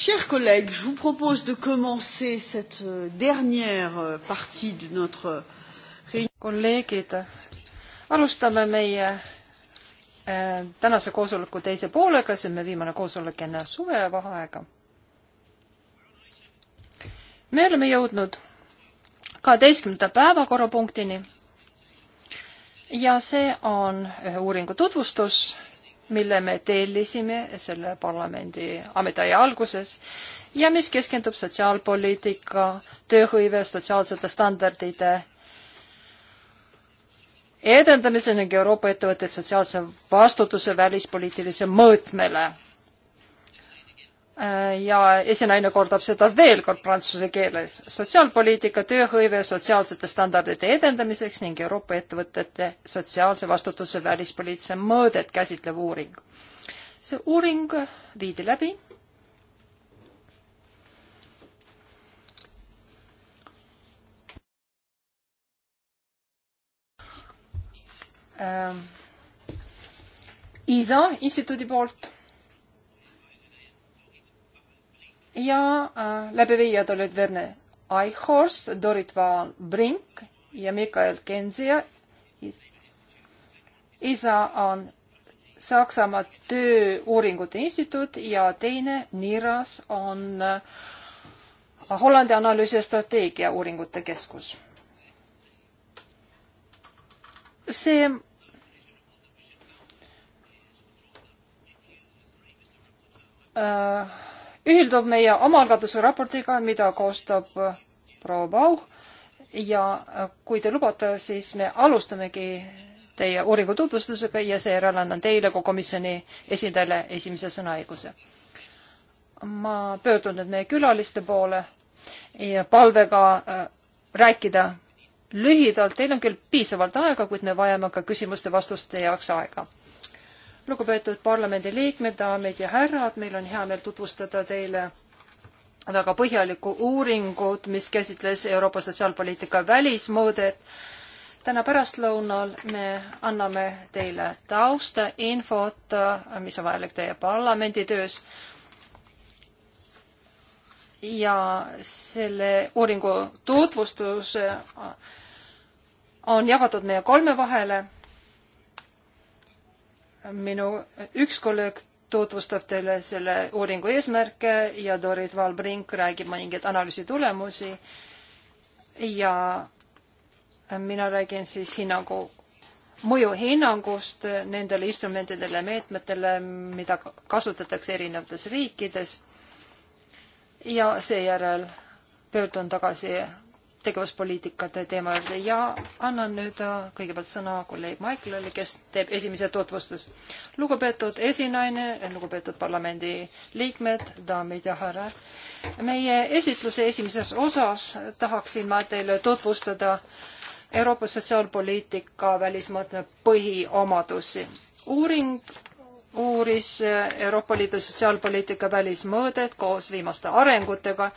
chers collègues je vous propose de commencer cette euh, dernière euh, partie de notre euh, kolleegid alustame meie äh, tänase koosoleku teise poolega see on meie viimane koosolek enne suvevaheaega me oleme jõudnud kaheteistkümnenda päevakorrapunktini ja see on ühe uuringu tutvustus mille me tellisime selle parlamendi ametiaja alguses ja mis keskendub sotsiaalpoliitika, tööhõive, sotsiaalsete standardite edendamisele ning Euroopa ettevõtete sotsiaalse vastutuse välispoliitilise mõõtmele Äh, ja esinaine kordab seda veel kord prantsuse keeles. sotsiaalpoliitika, tööhõive sotsiaalsete standardite edendamiseks ning Euroopa ettevõtete sotsiaalse vastutuse välispoliitilise mõõdet käsitlev uuring. see uuring viidi läbi. Ähm, ISA instituudi poolt ja äh, läbiviijad olid Verne Eichhorst, Dorit Vaal Brink ja Mikael Kensija. isa on Saksamaa Tööuuringute Instituut ja teine NIRAS on äh, Hollandi analüüsi ja strateegiauuringute keskus. see äh, ühildub meie omaalgatuse raportiga, mida koostab äh, proua Pauh ja äh, kui te lubate, siis me alustamegi teie uuringu tutvustusega ja seejärel annan teile kui komisjoni esindajale esimese sõnaõiguse. ma pöördun nüüd meie külaliste poole ja palvega äh, rääkida lühidalt, teil on küll piisavalt aega, kuid me vajame ka küsimuste-vastuste jaoks aega lugupeetud parlamendiliikmed, daamid ja härrad, meil on hea meel tutvustada teile väga põhjalikku uuringut, mis käsitles Euroopa sotsiaalpoliitika välismõõdet. täna pärastlõunal me anname teile tausta, infot, mis on vajalik teie parlamendi töös. ja selle uuringu tutvustus on jagatud meie kolme vahele minu üks kolleeg tutvustab teile selle uuringu eesmärke ja Dorit Valbrink räägib mõningaid analüüsi tulemusi ja mina räägin siis hinnangu, mõjuhinnangust nendele instrumentidele ja meetmetele, mida kasutatakse erinevates riikides ja seejärel pöördun tagasi tegevuspoliitikate teema juurde ja annan nüüd äh, kõigepealt sõna kolleeg Maiklale, kes teeb esimese tutvustust. lugupeetud esinaine, lugupeetud parlamendi liikmed, daamid ja härrad. meie esitluse esimeses osas tahaksin ma teile tutvustada Euroopa sotsiaalpoliitika välismõõtme põhiomadusi. uuring uuris äh, Euroopa Liidu sotsiaalpoliitika välismõõdet koos viimaste arengutega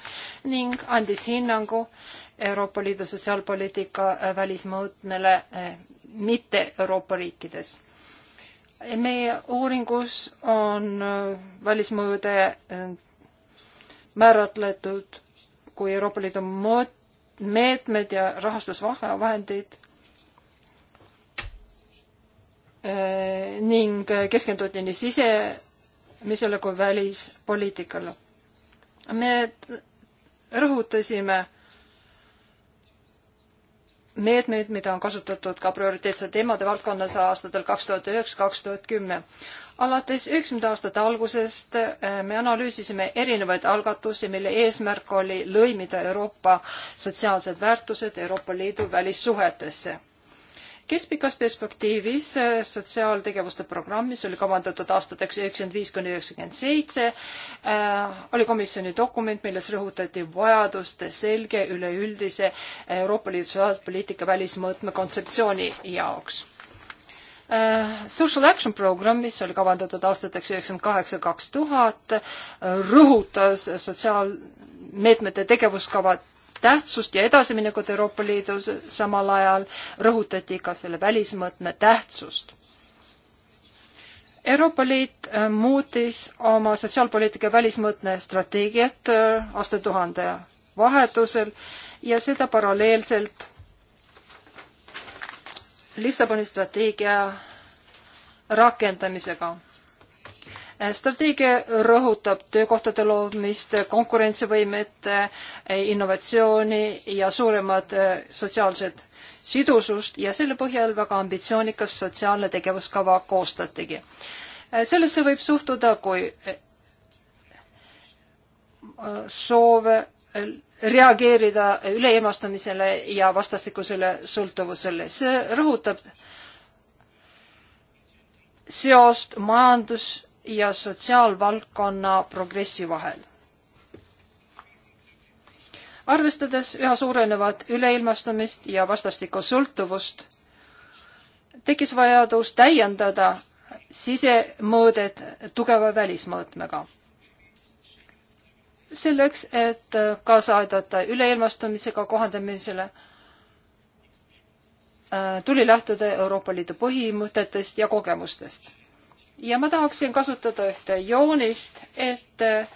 ning andis hinnangu Euroopa Liidu sotsiaalpoliitika välismõõtmele eh, mitte Euroopa riikides. Eh, meie uuringus on eh, välismõõde määratletud kui Euroopa Liidu mõõt-, meetmed ja rahastusvahendid ning keskenduti nii sisemisele kui välispoliitikale. me rõhutasime meetmeid, mida on kasutatud ka prioriteetse teemade valdkonnas aastatel kaks tuhat üheksa, kaks tuhat kümme. alates üheksakümnenda aastate algusest eh, me analüüsisime erinevaid algatusi, mille eesmärk oli lõimida Euroopa sotsiaalsed väärtused Euroopa Liidu välissuhetesse keskpikas perspektiivis äh, sotsiaaltegevuste programm, mis oli kavandatud aastateks üheksakümmend viis kuni üheksakümmend seitse, äh, oli komisjoni dokument, milles rõhutati vajadust selge üleüldise Euroopa Liidu sotsiaalpoliitika välismõõtme kontseptsiooni jaoks. Äh, Social Action Program, mis oli kavandatud aastateks üheksakümmend kaheksa, kaks tuhat, rõhutas sotsiaal meetmete tegevuskavad tähtsust ja edasiminekut Euroopa Liidus, samal ajal rõhutati ka selle välismõõtme tähtsust. Euroopa Liit äh, muutis oma sotsiaalpoliitika välismõõtme strateegiat äh, aastatuhande vahetusel ja seda paralleelselt Lissaboni strateegia rakendamisega strateegia rõhutab töökohtade loomist, konkurentsivõimet, innovatsiooni ja suuremat äh, sotsiaalset sidusust ja selle põhjal väga ambitsioonikas sotsiaalne tegevuskava koostatigi. Äh, sellesse võib suhtuda kui äh, soove reageerida üleilmastamisele ja vastastikusele sõltuvusele. see rõhutab seost majandus ja sotsiaalvaldkonna progressi vahel. arvestades üha suurenevat üleilmastumist ja vastastikku sõltuvust, tekkis vajadus täiendada sisemõõdet tugeva välismõõtmega. selleks, et kaasa aidata üleilmastumisega kohandamisele, tuli lähtuda Euroopa Liidu põhimõtetest ja kogemustest ja ma tahaksin kasutada ühte joonist, et äh,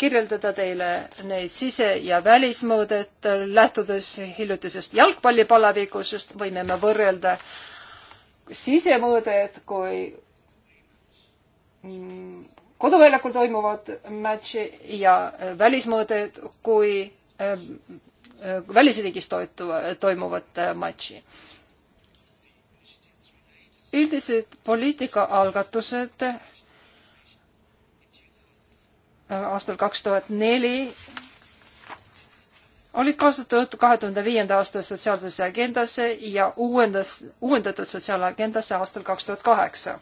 kirjeldada teile neid sise- ja välismõõdet, äh, lähtudes hiljutisest jalgpallipalavikusest, võime me võrrelda sisemõõdet kui mm, koduväljakul toimuvad matši ja äh, välismõõdet kui välisriigis toituva, toimuvat matši üldised poliitikaalgatused äh, aastal kaks tuhat neli olid kaasatud kahe tuhande viienda aasta sotsiaalsesse agendasse ja uuendas, uuendatud sotsiaalagendasse aastal kaks tuhat kaheksa.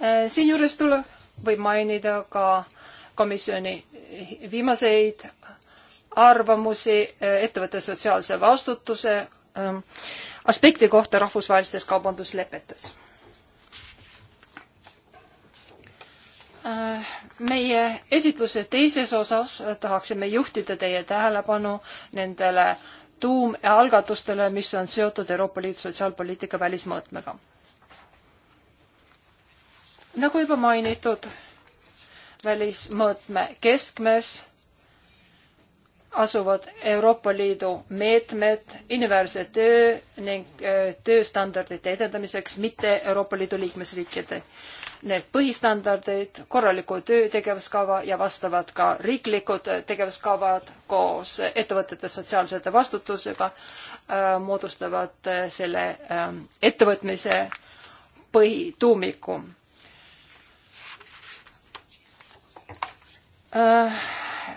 Äh, siinjuures tuleb, võib mainida ka komisjoni viimaseid arvamusi äh, ettevõtte sotsiaalse vastutuse Ähm, aspekti kohta rahvusvahelistes kaubanduslepetes. Äh, meie esitluse teises osas tahaksime juhtida teie tähelepanu nendele tuumalgatustele, mis on seotud Euroopa Liidu sotsiaalpoliitika välismõõtmega. nagu juba mainitud, välismõõtme keskmes asuvad Euroopa Liidu meetmed inimväärse töö ning äh, tööstandardite edendamiseks mitte Euroopa Liidu liikmesriikide. Need põhistandardid, korraliku töö tegevuskava ja vastavad ka riiklikud tegevuskavad koos ettevõtete sotsiaalsete vastutusega äh, moodustavad äh, selle äh, ettevõtmise põhituumiku äh,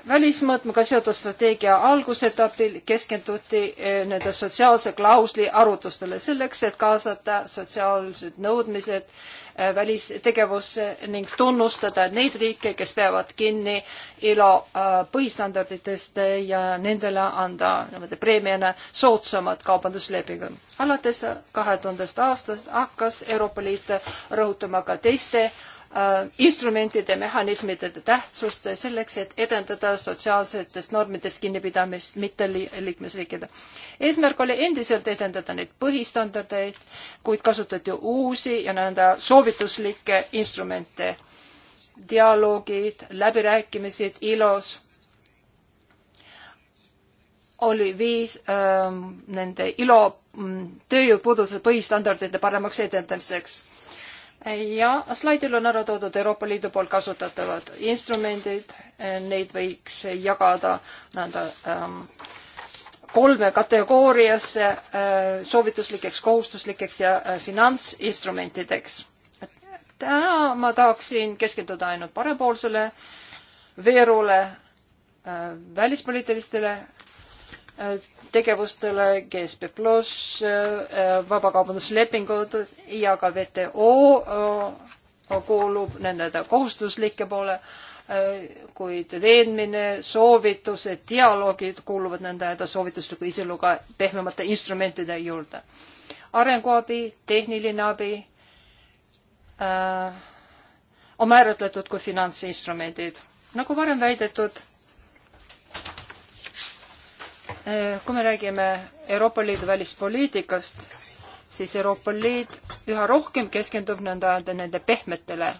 välismõõtmega seotud strateegia algusetapil keskenduti eh, nende sotsiaalse klausli arutustele selleks, et kaasata sotsiaalsed nõudmised eh, välistegevusse ning tunnustada neid riike, kes peavad kinni ILO eh, põhistandarditest ja nendele anda niimoodi preemiana soodsamad kaubanduslepingud. alates kahe tuhandest aastast hakkas Euroopa Liit rõhutama ka teiste Äh, instrumentide, mehhanismide tähtsust selleks, et edendada sotsiaalsetest normidest kinnipidamist mitte liikmesriikide. eesmärk oli endiselt edendada neid põhistandardeid, kuid kasutati uusi ja nõnda soovituslikke instrumente, dialoogid, läbirääkimised ILO-s oli viis ähm, nende ILO mm, tööjõu puudutatud põhistandardite paremaks edendamiseks ja slaidil on ära toodud Euroopa Liidu poolt kasutatavad instrumendid, neid võiks jagada nõnda ähm, kolme kategooriasse äh, soovituslikeks, kohustuslikeks ja äh, finantsinstrumentideks. täna ma tahaksin keskenduda ainult parempoolsele veerule äh,, välispoliitilistele tegevustele, GSP pluss, äh, vabakaubanduslepingud ja ka WTO äh, kuulub nende kohustuslike poole, äh, kuid veenmine, soovitused, dialoogid kuuluvad nende soovitusliku iseloomuga pehmemate instrumentide juurde. arenguabi, tehniline abi äh, on määratletud kui finantsinstrumendid. nagu varem väidetud Eh, kui me räägime Euroopa Liidu välispoliitikast, siis Euroopa Liit üha rohkem keskendub nõnda öelda nende pehmetele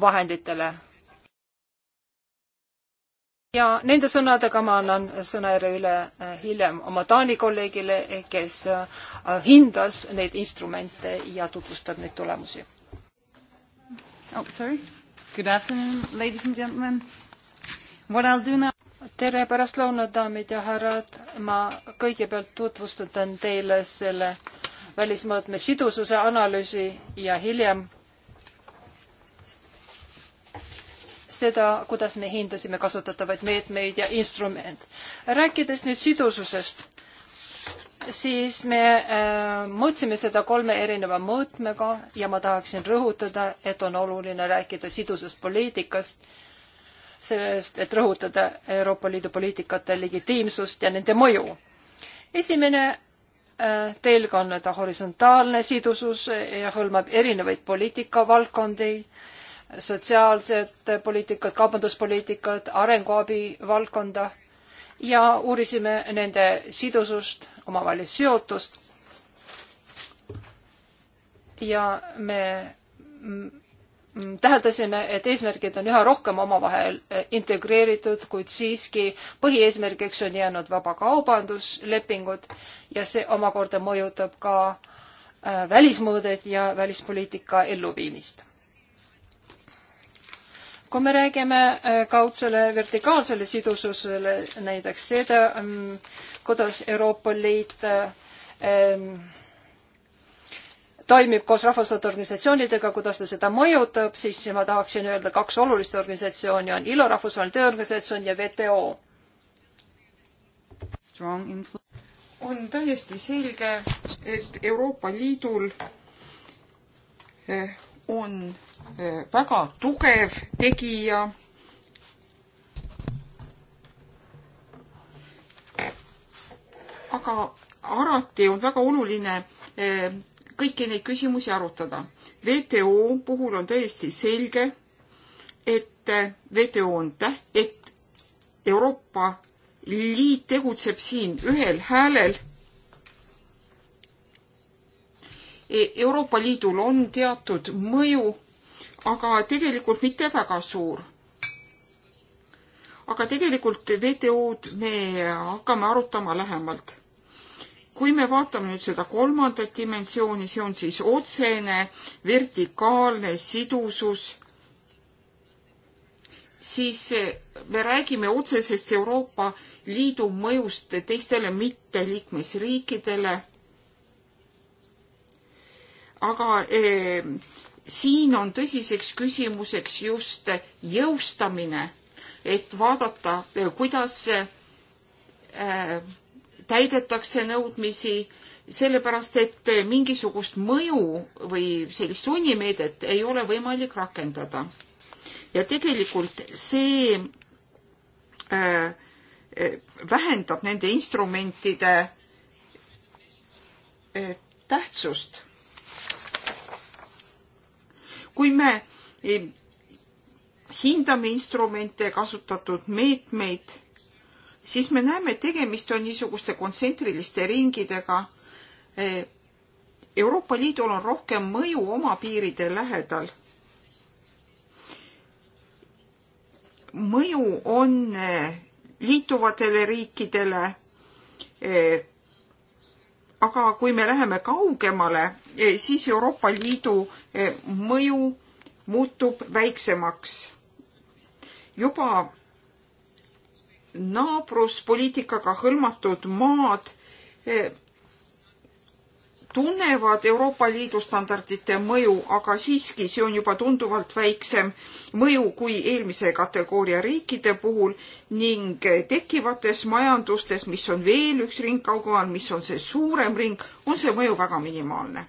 vahenditele. ja nende sõnadega ma annan sõnajärje üle eh, hiljem oma Taani kolleegile, eh, kes hindas neid instrumente ja tutvustab neid tulemusi. Oh, sorry. Good afternoon, ladies and gentlemen. What I'll do now tere pärastlõunat, daamid ja härrad. ma kõigepealt tutvustan teile selle välismõõtme sidususe analüüsi ja hiljem seda, kuidas me hindasime kasutatavaid meetmeid ja instrument. rääkides nüüd sidususest, siis me äh, mõõtsime seda kolme erineva mõõtmega ja ma tahaksin rõhutada, et on oluline rääkida sidusest poliitikast äh, sellest, et rõhutada Euroopa Liidu poliitikate legitiimsust ja nende mõju. esimene äh, telg on nii-öelda horisontaalne sidusus ja hõlmab erinevaid poliitikavaldkondi, sotsiaalset poliitikat, kaubanduspoliitikat, arenguabi valdkonda ja uurisime nende sidusust, omavahelist seotust. ja me täheldasime, et eesmärgid on üha rohkem omavahel eh, integreeritud, kuid siiski põhieesmärgiks on jäänud vabakaubanduslepingud ja see omakorda mõjutab ka eh, välismõõdet ja välispoliitika elluviimist. kui me räägime eh, kaudsele vertikaalsele sidususele, näiteks seda, mm, kuidas Euroopa Liit ähm, toimib koos rahvusvaheliste organisatsioonidega, kuidas ta seda mõjutab, siis ma tahaksin öelda, kaks olulist organisatsiooni on ILO, Rahvusvaheline Tööorganisatsioon ja WTO. on täiesti selge, et Euroopa Liidul eh, on eh, väga tugev tegija aga alati on väga oluline eh, kõiki neid küsimusi arutada. WTO puhul on täiesti selge, et WTO on täht-, et Euroopa Liit tegutseb siin ühel häälel. E-, Euroopa Liidul on teatud mõju, aga tegelikult mitte väga suur aga tegelikult WTO-d me hakkame arutama lähemalt kui me vaatame nüüd seda kolmandat dimensiooni, see on siis otsene vertikaalne sidusus, siis eh, me räägime otsesest Euroopa Liidu mõjust teistele mitteliikmesriikidele. aga eh, siin on tõsiseks küsimuseks just jõustamine, et vaadata, eh, kuidas eh, täidetakse nõudmisi, sellepärast et mingisugust mõju või sellist sunnimeedet ei ole võimalik rakendada. ja tegelikult see äh, vähendab nende instrumentide äh, tähtsust. kui me äh, hindame instrumente, kasutatud meetmeid siis me näeme, et tegemist on niisuguste kontsentriliste ringidega. Eh, Euroopa Liidul on rohkem mõju oma piiride lähedal. mõju on eh, liituvatele riikidele. Eh, aga kui me läheme kaugemale, siis Euroopa Liidu mõju muutub väiksemaks. juba naabruspoliitikaga hõlmatud maad eh, tunnevad Euroopa Liidu standardite mõju, aga siiski see on juba tunduvalt väiksem mõju kui eelmise kategooria riikide puhul ning eh, tekivates majandustes, mis on veel üks ring kaugemal, mis on see suurem ring, on see mõju väga minimaalne.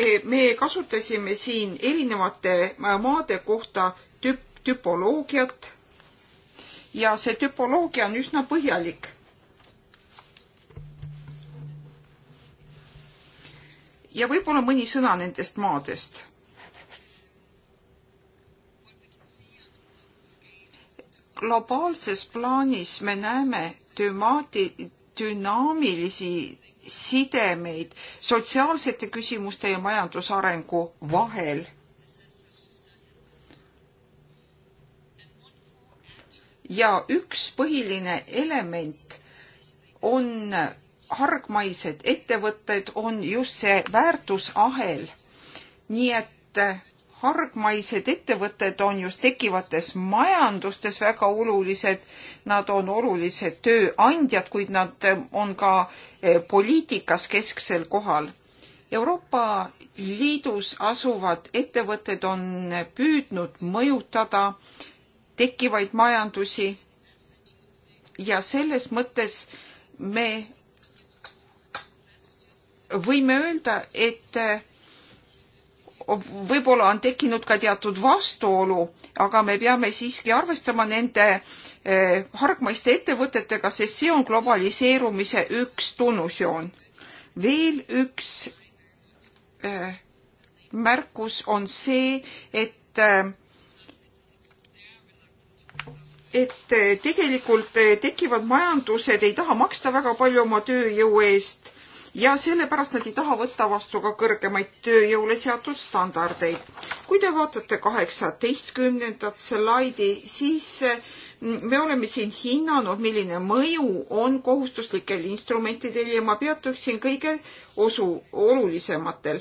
E, me kasutasime siin erinevate äh, maade kohta tüp-, tüpoloogiat ja see tüpoloogia on üsna põhjalik. ja võib-olla mõni sõna nendest maadest. globaalses plaanis me näeme dümaati, dünaamilisi sidemeid sotsiaalsete küsimuste ja majandusarengu vahel. ja üks põhiline element on hargmaised ettevõtted, on just see väärtusahel. nii et hargmaised ettevõtted on just tekivates majandustes väga olulised, nad on olulised tööandjad, kuid nad eh, on ka eh, poliitikas kesksel kohal. Euroopa Liidus asuvad ettevõtted on püüdnud mõjutada tekkivaid majandusi ja selles mõttes me võime öelda, et eh, võib-olla on tekkinud ka teatud vastuolu, aga me peame siiski arvestama nende eh, hargmaiste ettevõtetega, sest see on globaliseerumise üks tunnusjoon. veel üks eh, märkus on see, et eh, et tegelikult tekivad majandused ei taha maksta väga palju oma tööjõu eest ja sellepärast nad ei taha võtta vastu ka kõrgemaid tööjõule seatud standardeid. kui te vaatate kaheksateistkümnendat slaidi, siis mm, me oleme siin hinnanud, milline mõju on kohustuslikel instrumentidel ja ma peatuksin kõige osu olulisematel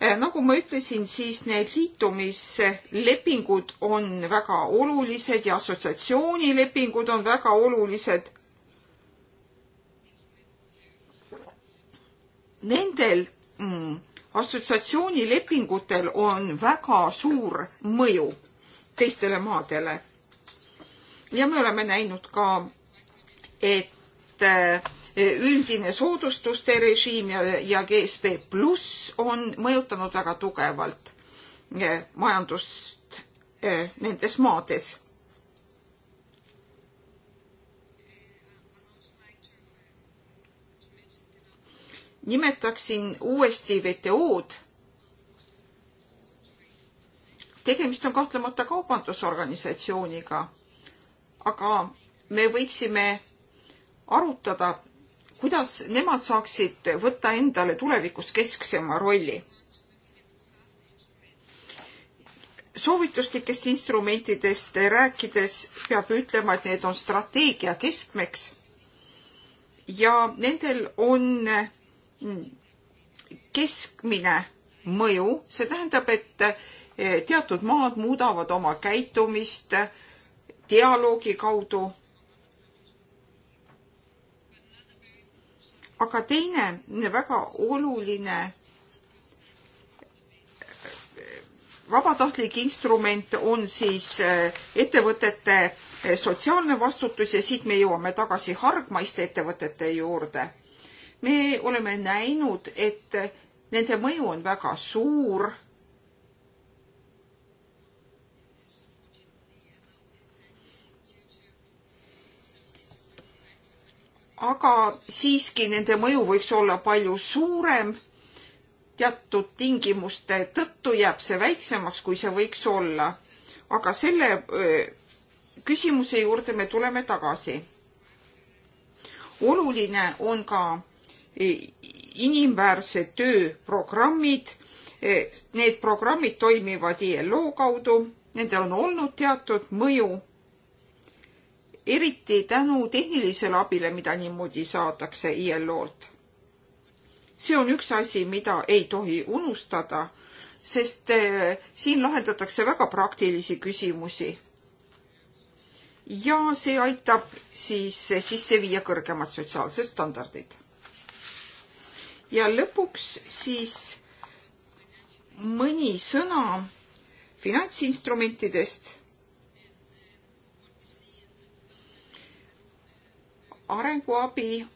eh, nagu ma ütlesin, siis need liitumislepingud on väga olulised ja assotsiatsioonilepingud on väga olulised nendel mm, assotsiatsioonilepingutel on väga suur mõju teistele maadele. ja me oleme näinud ka, et eh, üldine soodustuste režiim ja, ja GSP pluss on mõjutanud väga tugevalt eh, majandust eh, nendes maades nimetaksin uuesti WTO-d. tegemist on kahtlemata kaubandusorganisatsiooniga, aga me võiksime arutada, kuidas nemad saaksid võtta endale tulevikus kesksema rolli soovituslikest instrumentidest rääkides peab ütlema, et need on strateegia keskmeks ja nendel on keskmine mõju, see tähendab, et eh, teatud maad muudavad oma käitumist eh, dialoogi kaudu. aga teine väga oluline eh, vabatahtlik instrument on siis ettevõtete sotsiaalne vastutus ja siit me jõuame tagasi hargmaiste ettevõtete juurde me oleme näinud, et nende mõju on väga suur. aga siiski nende mõju võiks olla palju suurem. teatud tingimuste tõttu jääb see väiksemaks, kui see võiks olla. aga selle küsimuse juurde me tuleme tagasi. oluline on ka E, inimväärse töö programmid. E, need programmid toimivad ILO e kaudu, nendel on olnud teatud mõju, eriti tänu tehnilisele abile, mida niimoodi saadakse ILO-lt. see on üks asi, mida ei tohi unustada, sest siin lahendatakse väga praktilisi küsimusi ja see aitab siis sisse viia kõrgemad sotsiaalsed standardid ja lõpuks siis mõni sõna finantsinstrumentidest. arenguabi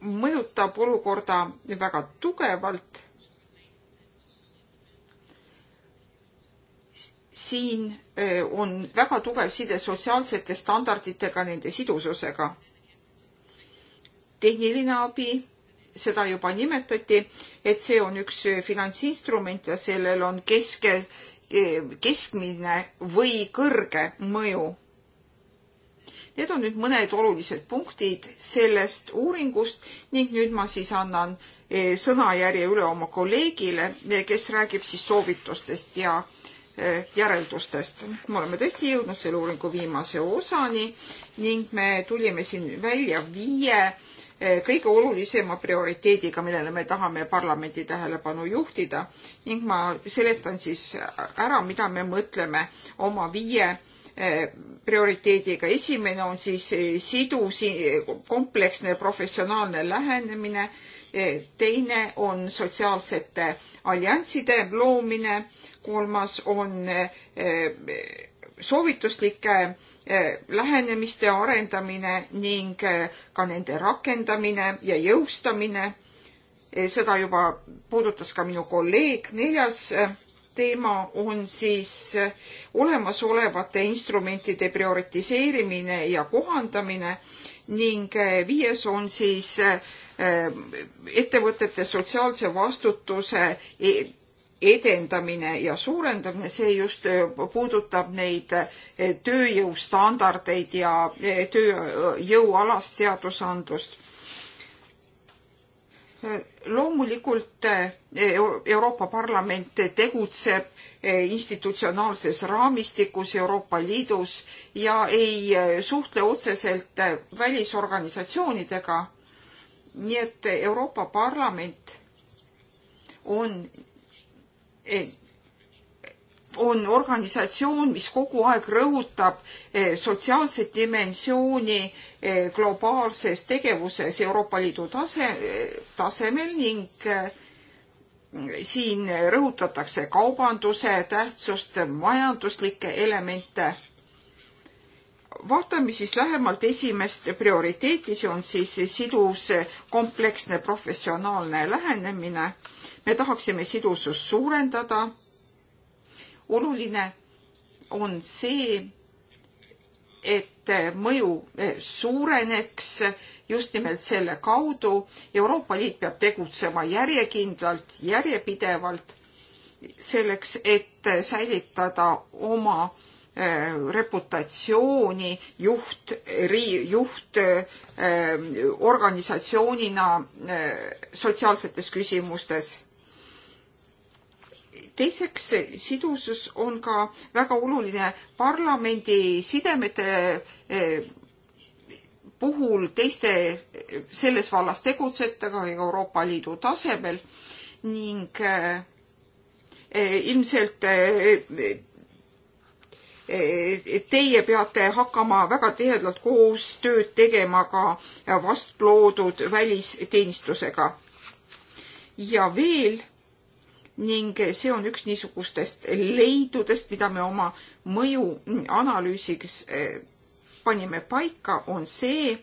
mõjutab olukorda väga tugevalt. siin eh, on väga tugev side sotsiaalsete standarditega, nende sidususega. tehniline abi seda juba nimetati, et see on üks finantsinstrument ja sellel on keske, keskmine või kõrge mõju. Need on nüüd mõned olulised punktid sellest uuringust ning nüüd ma siis annan eh, sõnajärje üle oma kolleegile, eh, kes räägib siis soovitustest ja eh, järeldustest. me oleme tõesti jõudnud selle uuringu viimase osani ning me tulime siin välja viie kõige olulisema prioriteediga, millele me tahame parlamendi tähelepanu juhtida ning ma seletan siis ära, mida me mõtleme oma viie eh, prioriteediga. esimene on siis eh, sidus kompleksne professionaalne lähenemine, eh, teine on sotsiaalsete allianside loomine, kolmas on soovituslike Eh, lähenemiste arendamine ning eh, ka nende rakendamine ja jõustamine. Eh, seda juba puudutas ka minu kolleeg. neljas teema on siis olemasolevate instrumentide prioritiseerimine ja kohandamine ning viies on siis ettevõtete sotsiaalse vastutuse edendamine ja suurendamine, see just äh, puudutab neid äh, tööjõustandardeid ja äh, tööjõualast seadusandlust. loomulikult Euroopa Parlament tegutseb institutsionaalses raamistikus Euroopa Liidus ja ei suhtle otseselt välisorganisatsioonidega. nii et Euroopa Parlament on on organisatsioon, mis kogu aeg rõhutab eh, sotsiaalset dimensiooni eh, globaalses tegevuses Euroopa Liidu tase, tasemel ning eh, siin rõhutatakse kaubanduse tähtsust, majanduslikke elemente vaatame siis lähemalt esimest prioriteeti, see on siis sidus kompleksne professionaalne lähenemine. me tahaksime sidusust suurendada. oluline on see, et mõju eh, suureneks just nimelt selle kaudu. Euroopa Liit peab tegutsema järjekindlalt, järjepidevalt selleks, et säilitada oma Äh, reputatsiooni juht, juht äh, organisatsioonina äh, sotsiaalsetes küsimustes. teiseks, sidusus on ka väga oluline parlamendi sidemete puhul teiste selles vallas tegutsetega Euroopa Liidu tasemel ning ilmselt Eh, teie peate hakkama väga tihedalt koostööd tegema ka vastloodud välisteenistusega. ja veel ning see on üks niisugustest leidudest, mida me oma mõjuanalüüsiks eh, panime paika, on see,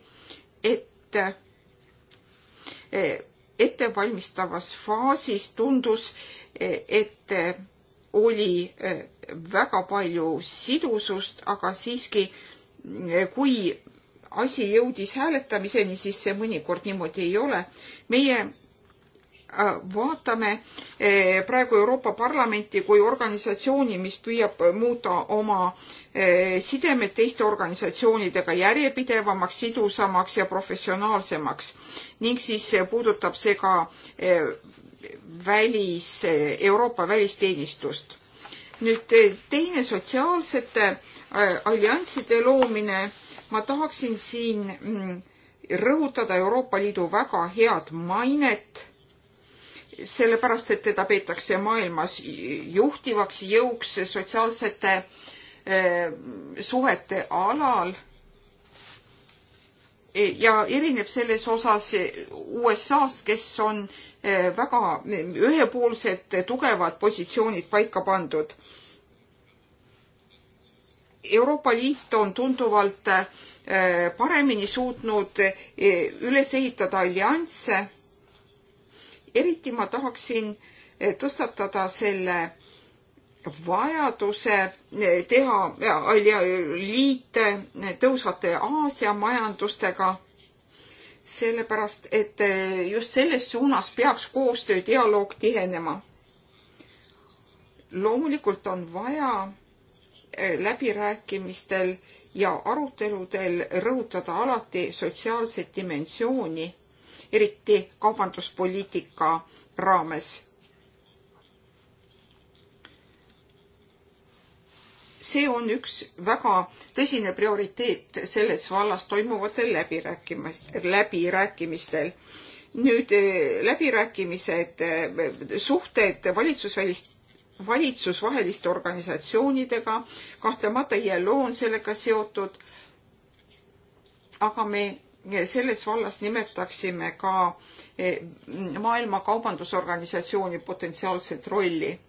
et eh, ettevalmistavas faasis tundus, et oli väga palju sidusust, aga siiski eh, kui asi jõudis hääletamiseni, siis see mõnikord niimoodi ei ole. meie äh, vaatame eh, praegu Euroopa Parlamenti kui organisatsiooni, mis püüab muuta oma eh, sidemed teiste organisatsioonidega järjepidevamaks, sidusamaks ja professionaalsemaks ning siis puudutab see ka välis, Euroopa välisteenistust nüüd teine sotsiaalsete äh, allianside loomine. ma tahaksin siin mm, rõhutada Euroopa Liidu väga head mainet, sellepärast et teda peetakse maailmas juhtivaks jõuks sotsiaalsete äh, suhete alal ja erineb selles osas USA-st, kes on eh, väga eh, ühepoolsed eh, tugevad positsioonid paika pandud. Euroopa Liit on tunduvalt paremini suutnud üles ehitada allianse. eriti ma tahaksin tõstatada selle vajaduse teha liite tõusvate Aasia majandustega, sellepärast et just selles suunas peaks koostöö, dialoog tihenema. loomulikult on vaja läbirääkimistel ja aruteludel rõhutada alati sotsiaalset dimensiooni, eriti kaubanduspoliitika raames see on üks väga tõsine prioriteet selles vallas toimuvatel läbirääkimistel. nüüd eh, läbirääkimised, eh, suhted valitsusvälist, valitsusvaheliste organisatsioonidega, kahtlemata ILO on sellega seotud. aga me selles vallas nimetaksime ka eh, Maailma Kaubandusorganisatsiooni potentsiaalset rolli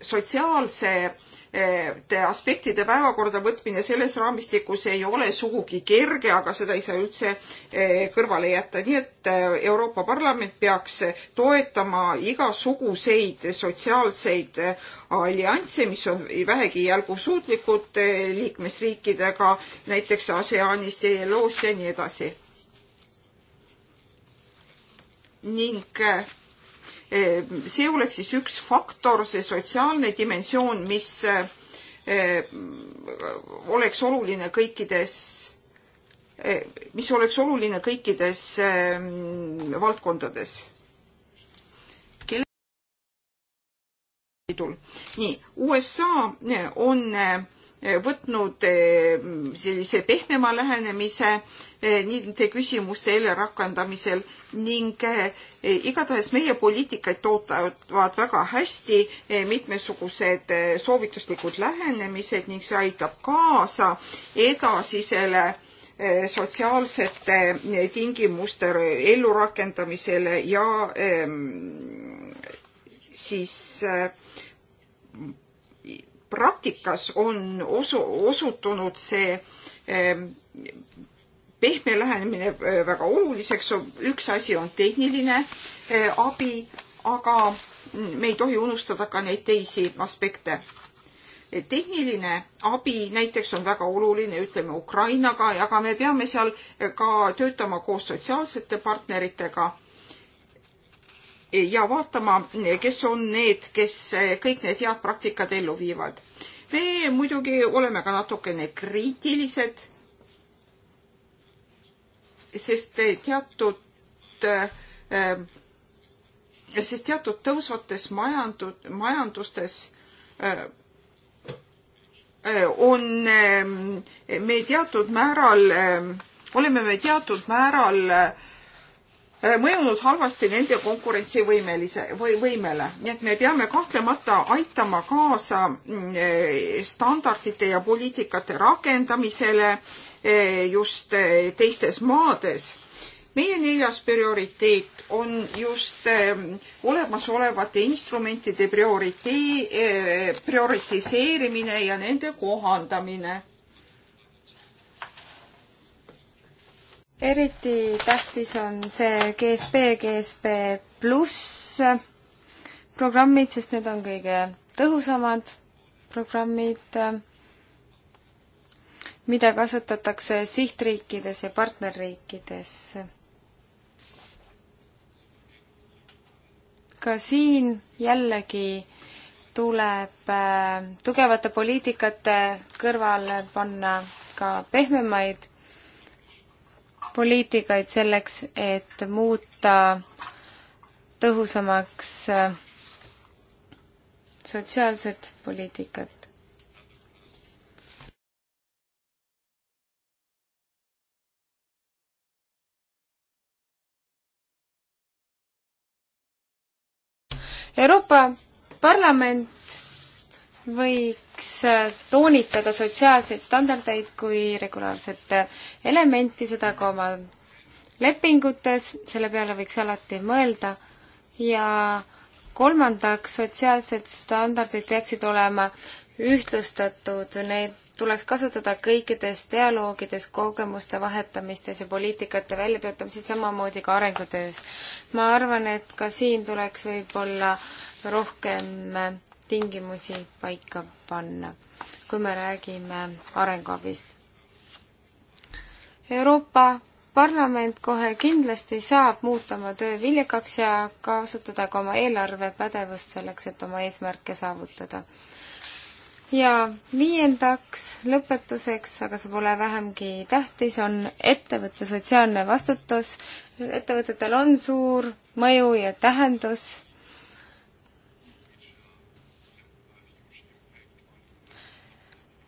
sotsiaalsete eh, aspektide päevakorda võtmine selles raamistikus ei ole sugugi kerge, aga seda ei saa üldse eh, kõrvale jätta, nii et eh, Euroopa Parlament peaks toetama igasuguseid sotsiaalseid allianse, mis on vähegi jälgusuutlikud liikmesriikidega, näiteks ASEANist ja e ELO-st ja nii edasi. ning Eh, see oleks siis üks faktor, see sotsiaalne dimensioon, mis eh, oleks oluline kõikides, eh, mis oleks oluline kõikides valdkondades. nii, USA on võtnud eh, sellise pehmema lähenemise eh, nende küsimuste eelrakendamisel ning eh, igatahes meie poliitikaid toodavad väga hästi mitmesugused soovituslikud lähenemised ning see aitab kaasa edasisele sotsiaalsete tingimuste ellurakendamisele ja ehm, siis praktikas on osu, osutunud see ehm, pehme lähenemine eh, väga oluliseks, üks asi on tehniline eh, abi, aga me ei tohi unustada ka neid teisi aspekte. tehniline abi näiteks on väga oluline, ütleme Ukrainaga, aga me peame seal ka töötama koos sotsiaalsete partneritega ja vaatama, kes on need, kes kõik need head praktikad ellu viivad. me muidugi oleme ka natukene kriitilised, sest teatud eh, sest teatud tõusvates majandud, majandustes eh, eh, on me teatud määral, oleme me teatud määral äh, Äh, mõjunud halvasti nende konkurentsivõimelise või võimele, nii et me peame kahtlemata aitama kaasa mm, äh, standardite ja poliitikate rakendamisele äh, just teistes maades. meie neljas prioriteet on just olemasolevate instrumentide prioritee, prioritiseerimine ja nende kohandamine eriti tähtis on see GSP, GSP pluss programmid, sest need on kõige tõhusamad programmid, mida kasutatakse sihtriikides ja partnerriikides. ka siin jällegi tuleb äh, tugevate poliitikate kõrvale panna ka pehmemaid poliitikaid selleks, et muuta tõhusamaks äh, sotsiaalset poliitikat. Euroopa Parlament võiks võiks äh, toonitada sotsiaalseid standardeid kui regulaarset äh, elementi, seda ka oma lepingutes, selle peale võiks alati mõelda ja kolmandaks, sotsiaalsed standardid peaksid olema ühtlustatud, need tuleks kasutada kõikides dialoogides, kogemuste vahetamistes ja poliitikate väljatöötamises, samamoodi ka arengutöös. ma arvan, et ka siin tuleks võib-olla rohkem äh, tingimusi paika panna, kui me räägime arenguabist. Euroopa Parlament kohe kindlasti saab muuta oma töö viljakaks ja kasutada ka oma eelarvepädevust selleks, et oma eesmärke saavutada. ja viiendaks, lõpetuseks, aga see pole vähemgi tähtis, on ettevõtte sotsiaalne vastutus. ettevõtetel on suur mõju ja tähendus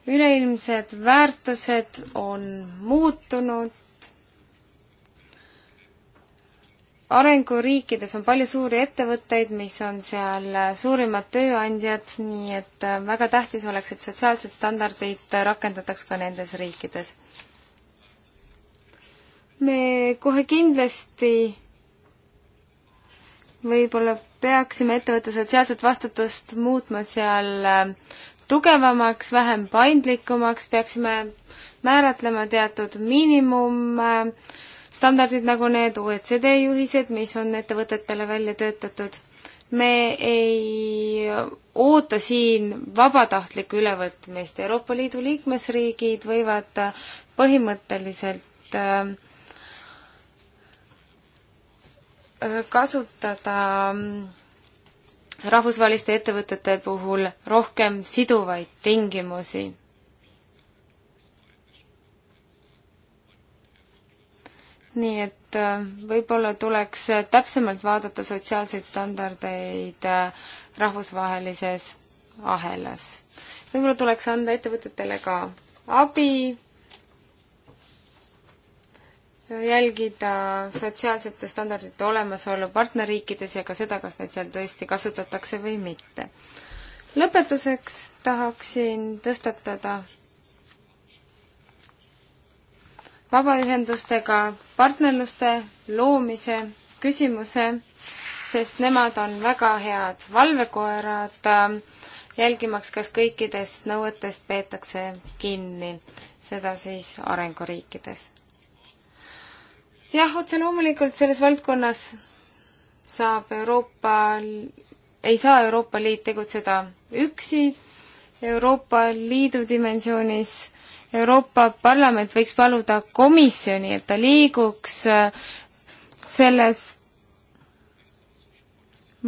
üleilmsed väärtused on muutunud, arenguriikides on palju suuri ettevõtteid, mis on seal suurimad tööandjad, nii et äh, väga tähtis oleks, et sotsiaalsed standardid rakendataks ka nendes riikides. me kohe kindlasti võib-olla peaksime ettevõtte sotsiaalset vastutust muutma seal äh, tugevamaks, vähem paindlikumaks, peaksime määratlema teatud miinimumstandardid, nagu need OECD juhised, mis on ettevõtetele välja töötatud. me ei oota siin vabatahtlikku ülevõtmist, Euroopa Liidu liikmesriigid võivad põhimõtteliselt äh, kasutada mm, rahvusvaheliste ettevõtete puhul rohkem siduvaid tingimusi. nii et äh, võib-olla tuleks täpsemalt vaadata sotsiaalseid standardeid äh, rahvusvahelises ahelas. võib-olla tuleks anda ettevõtetele ka abi jälgida sotsiaalsete standardite olemasolu partnerriikides ja ka seda, kas neid seal tõesti kasutatakse või mitte. lõpetuseks tahaksin tõstatada vabaühendustega partnerluste loomise küsimuse, sest nemad on väga head valvekoerad, ähm, jälgimaks, kas kõikidest nõuetest peetakse kinni, seda siis arenguriikides jah, otse loomulikult selles valdkonnas saab Euroopa, ei saa Euroopa Liit tegutseda üksi, Euroopa Liidu dimensioonis Euroopa Parlament võiks paluda komisjoni, et ta liiguks äh, selles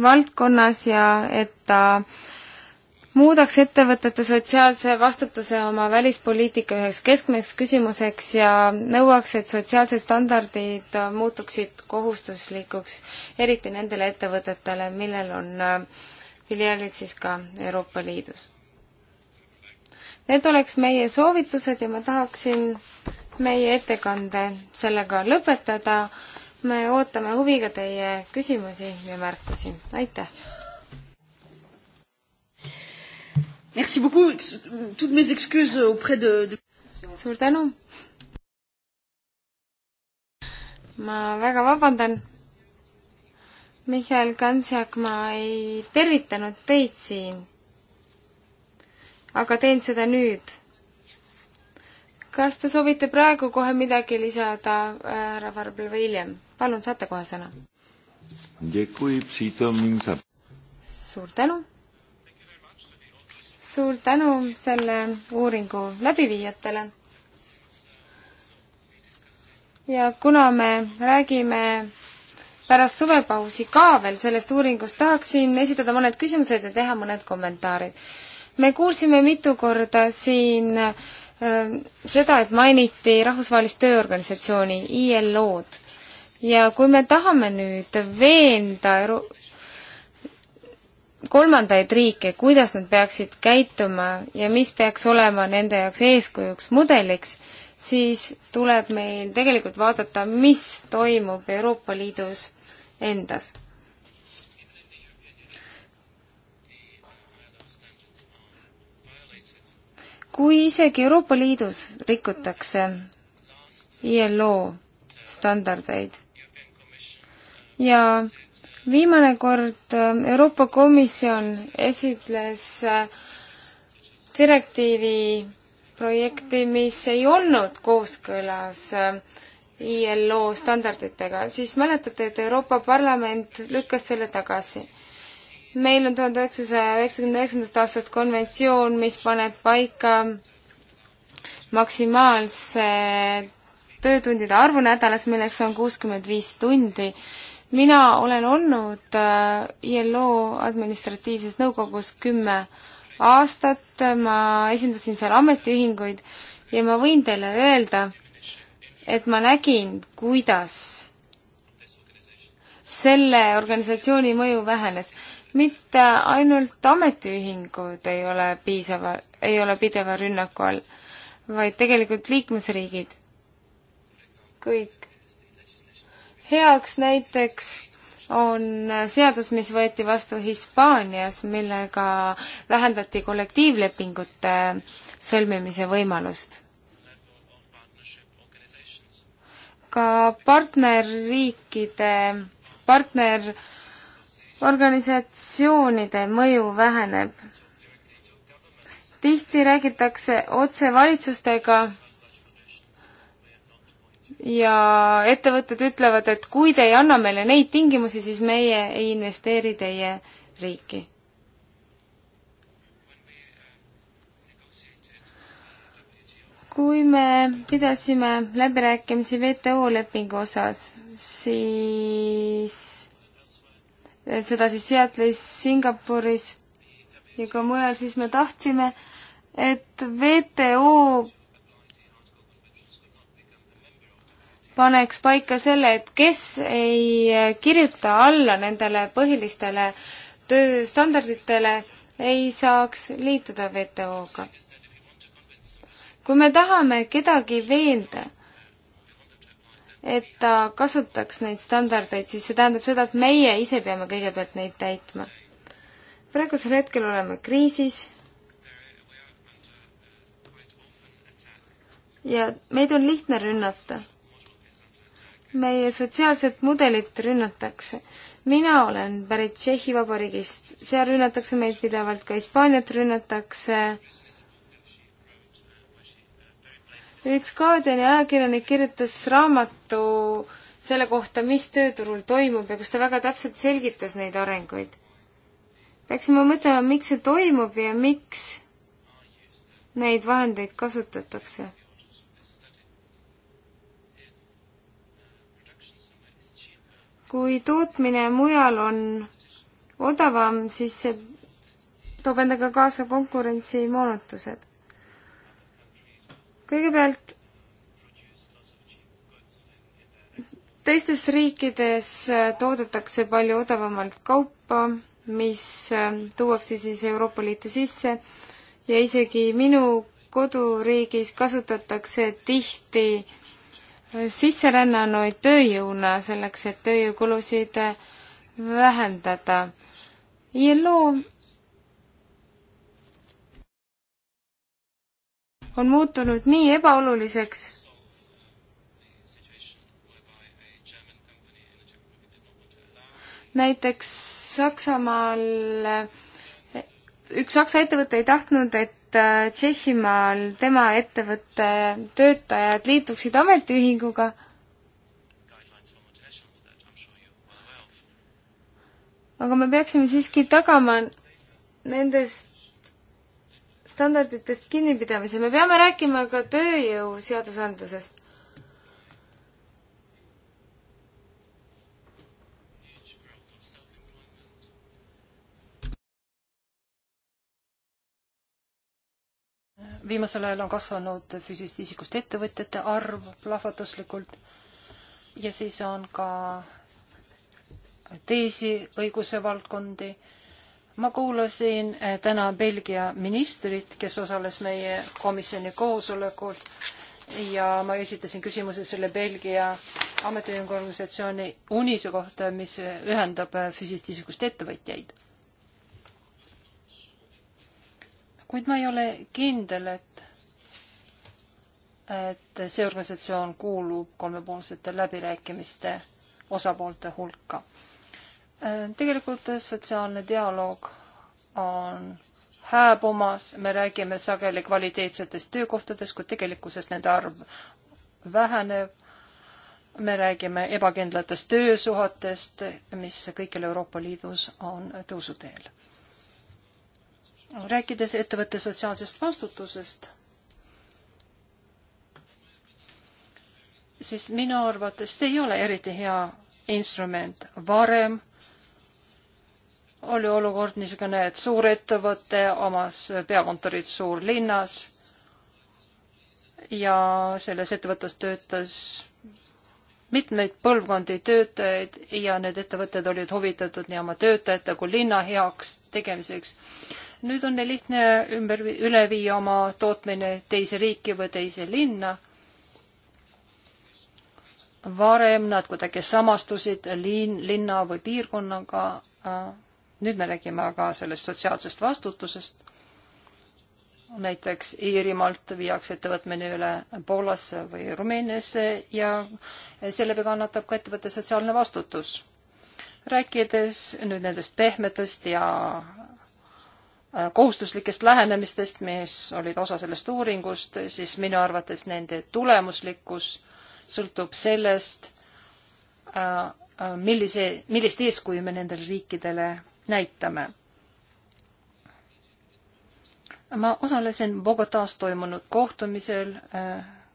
valdkonnas ja et ta äh, muudaks ettevõtete sotsiaalse vastutuse oma välispoliitika üheks keskmeks küsimuseks ja nõuaks, et sotsiaalsed standardid muutuksid kohustuslikuks, eriti nendele ettevõtetele, millel on äh, filiaalid siis ka Euroopa Liidus. Need oleks meie soovitused ja ma tahaksin meie ettekande sellega lõpetada. me ootame huviga teie küsimusi ja märkusi, aitäh! Merci beaucoup, toutes mes excuses auprès de, de... suur tänu! ma väga vabandan. Mihhail Kansiak, ma ei tervitanud teid siin. aga teen seda nüüd. kas te soovite praegu kohe midagi lisada, härra Varbel, või hiljem? palun, saate kohe sõna. suur tänu suur tänu selle uuringu läbiviijatele. ja kuna me räägime pärast suvepausi ka veel sellest uuringust, tahaksin esitada mõned küsimused ja teha mõned kommentaarid. me kuulsime mitu korda siin äh, seda, et mainiti Rahvusvahelist Tööorganisatsiooni, ILO-d. ja kui me tahame nüüd veenda Euro-, kolmandaid riike, kuidas nad peaksid käituma ja mis peaks olema nende jaoks eeskujuks, mudeliks, siis tuleb meil tegelikult vaadata, mis toimub Euroopa Liidus endas. kui isegi Euroopa Liidus rikutakse ILO standardeid ja viimane kord äh, Euroopa Komisjon esitles äh, direktiivi projekti, mis ei olnud kooskõlas äh, ILO standarditega, siis mäletate, et Euroopa Parlament lükkas selle tagasi meil on tuhande üheksasaja üheksakümne üheksandast aastast konventsioon, mis paneb paika maksimaalse töötundide arvu nädalas, milleks on kuuskümmend viis tundi mina olen olnud äh, ILO administratiivses nõukogus kümme aastat, ma esindasin seal ametiühinguid ja ma võin teile öelda, et ma nägin, kuidas selle organisatsiooni mõju vähenes. mitte ainult ametiühingud ei ole piisava, ei ole pideva rünnaku all, vaid tegelikult liikmesriigid kõik heaks näiteks on seadus, mis võeti vastu Hispaanias, millega vähendati kollektiivlepingute sõlmimise võimalust. ka partnerriikide, partnerorganisatsioonide mõju väheneb. tihti räägitakse otse valitsustega ja ettevõtted ütlevad, et kui te ei anna meile neid tingimusi, siis meie ei investeeri teie riiki. kui me pidasime läbirääkimisi WTO lepingu osas, siis seda siis Seattle'is, Singapuris ja ka mujal, siis me tahtsime, et WTO paneks paika selle, et kes ei kirjuta alla nendele põhilistele tööstandarditele, ei saaks liituda WTO-ga. kui me tahame kedagi veenda, et ta kasutaks neid standardeid, siis see tähendab seda, et meie ise peame kõigepealt neid täitma. praegusel hetkel oleme kriisis ja meid on lihtne rünnata meie sotsiaalset mudelit rünnatakse. mina olen pärit Tšehhi Vabariigist, seal rünnatakse meid pidevalt, ka Hispaaniat rünnatakse. üks Guardiani ajakirjanik kirjutas raamatu selle kohta, mis tööturul toimub ja kus ta väga täpselt selgitas neid arenguid. peaksime mõtlema, miks see toimub ja miks neid vahendeid kasutatakse kui tootmine mujal on odavam, siis see toob endaga kaasa konkurentsimoonutused. kõigepealt teistes riikides toodetakse palju odavamalt kaupa, mis äh, tuuakse siis Euroopa Liitu sisse ja isegi minu koduriigis kasutatakse tihti sisserännanuid tööjõuna selleks, et tööjõukulusid vähendada. ILO on muutunud nii ebaoluliseks, näiteks Saksamaal üks Saksa ettevõte ei tahtnud, et Äh, Tšehhimaal tema ettevõtte töötajad liituksid ametiühinguga. aga me peaksime siiski tagama nendest standarditest kinnipidamise, me peame rääkima ka tööjõu seadusandlusest. viimasel ajal on kasvanud füüsilisest isikust ettevõtjate arv plahvatuslikult ja siis on ka teisi õiguse valdkondi. ma kuulasin eh, täna Belgia ministrit, kes osales meie komisjoni koosolekul ja ma esitasin küsimuse selle Belgia ametiühingu organisatsiooni UNISE kohta, mis ühendab eh, füüsilisest isikust ettevõtjaid kuid ma ei ole kindel, et, et see organisatsioon kuulub kolmepoolsete läbirääkimiste osapoolte hulka. tegelikult sotsiaalne dialoog on hääbumas, me räägime sageli kvaliteetsetest töökohtadest, kuid tegelikkuses nende arv väheneb. me räägime ebakindlatest töösuhetest, mis kõikjal Euroopa Liidus on tõusuteel rääkides ettevõtte sotsiaalsest vastutusest, siis minu arvates see ei ole eriti hea instrument. varem oli olukord niisugune, et suurettevõte omas peakontorit suurlinnas ja selles ettevõttes töötas mitmeid põlvkondi töötajaid ja need ettevõtted olid huvitatud nii oma töötajate kui linna heaks tegemiseks nüüd on neil lihtne ümber, üle viia oma tootmine teise riiki või teise linna. varem nad kuidagi samastusid linn, linna või piirkonnaga. Äh, nüüd me räägime aga sellest sotsiaalsest vastutusest. näiteks Iirimaalt viiakse ettevõtmine üle Poolasse või Rumeeniasse ja sellega kannatab ka ettevõtte sotsiaalne vastutus rääkides nüüd nendest pehmetest ja Äh, kohustuslikest lähenemistest, mis olid osa sellest uuringust, siis minu arvates nende tulemuslikkus sõltub sellest, äh, äh, millise, millist eeskuju me nendele riikidele näitame. ma osalesin Bogotas toimunud kohtumisel,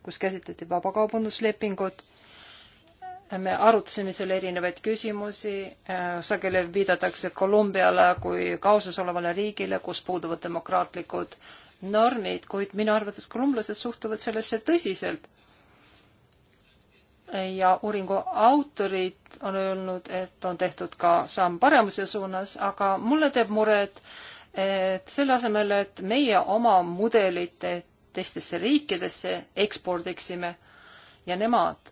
kus käsitleti vabakaubanduslepingut me arutasime seal erinevaid küsimusi, äh, sageli viidatakse Kolumbiale kui kaoses olevale riigile, kus puuduvad demokraatlikud normid, kuid minu arvates kolumbialased suhtuvad sellesse tõsiselt. ja uuringu autorid on öelnud, et on tehtud ka samm paremuse suunas, aga mulle teeb muret, et selle asemel, et meie oma mudelit teistesse riikidesse ekspordiksime ja nemad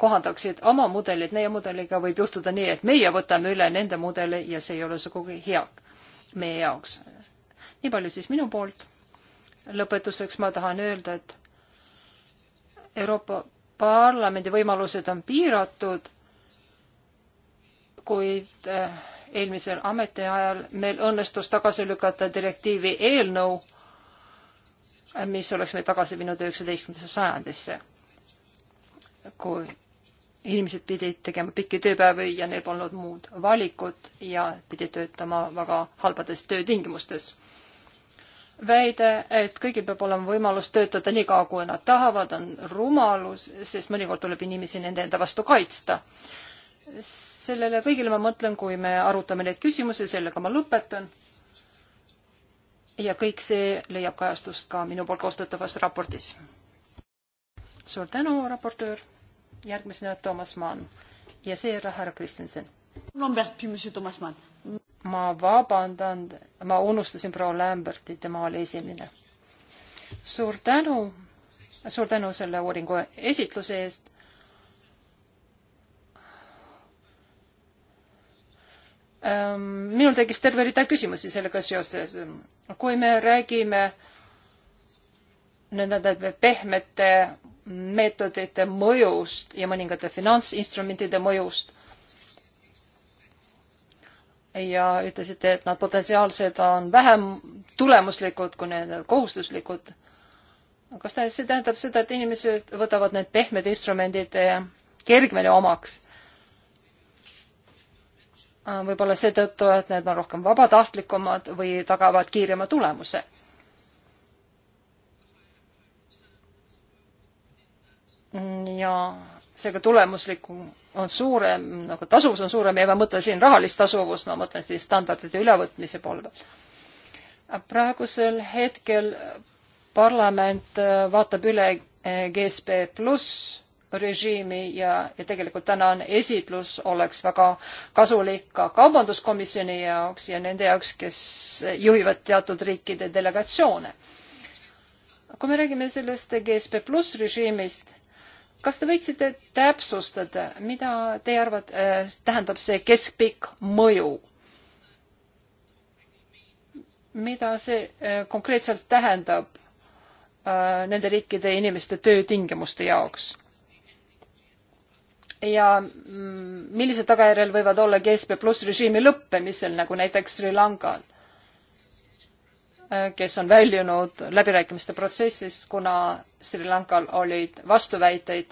kohandaksid oma mudelid meie mudeliga, võib juhtuda nii, et meie võtame üle nende mudeli ja see ei ole sugugi hea meie jaoks. nii palju siis minu poolt. lõpetuseks ma tahan öelda, et Euroopa Parlamendi võimalused on piiratud, kuid eh, eelmisel ametiajal meil õnnestus tagasi lükata direktiivi eelnõu, mis oleks meid tagasi viinud üheksateistkümnendasse sajandisse kui inimesed pidid tegema pikki tööpäevi ja neil polnud muud valikut ja pidid töötama väga halbades töötingimustes. väide, et kõigil peab olema võimalus töötada nii kaua, kui nad tahavad, on rumalus, sest mõnikord tuleb inimesi nende enda vastu kaitsta. sellele kõigile ma mõtlen, kui me arutame neid küsimusi, sellega ma lõpetan. ja kõik see leiab kajastust ka minu poolt koostatavas raportis. suur tänu, raportöör järgmisena Toomas Mann ja seejärel härra Kristjanson. ma vabandan, ma unustasin proua Lamberti, tema oli esimene. suur tänu, suur tänu selle uuringu esitluse eest. Ehm, minul tekkis terve rida küsimusi sellega seoses. kui me räägime nõnda pehmete meetodite mõjust ja mõningate finantsinstrumentide mõjust. ja ütlesite, et nad potentsiaalselt on vähem tulemuslikud kui need kohustuslikud. kas ta, see tähendab seda, et inimesed võtavad need pehmed instrumendid eh, kergemini omaks? võib-olla seetõttu, et need on rohkem vabatahtlikumad või tagavad kiirema tulemuse ja seega tulemuslikum on suurem, nagu tasuvus on suurem ja ma mõtlen siin rahalist tasuvust, ma mõtlen siis standardite ülevõtmise poole peal. praegusel hetkel parlament äh, vaatab üle äh, GSP pluss režiimi ja, ja tegelikult tänane esitlus oleks väga kasulik ka Kaubanduskomisjoni jaoks ja nende jaoks, kes juhivad teatud riikide delegatsioone. kui me räägime sellest GSP pluss režiimist, kas te võiksite täpsustada, mida teie arvate äh,, tähendab see keskpikk mõju? mida see äh, konkreetselt tähendab äh, nende riikide inimeste töötingimuste jaoks? ja mm, millised tagajärjel võivad olla GSP pluss režiimi lõppemisel, nagu näiteks Sri Lankal? Äh, kes on väljunud läbirääkimiste protsessist, kuna Sri Lankal olid vastuväiteid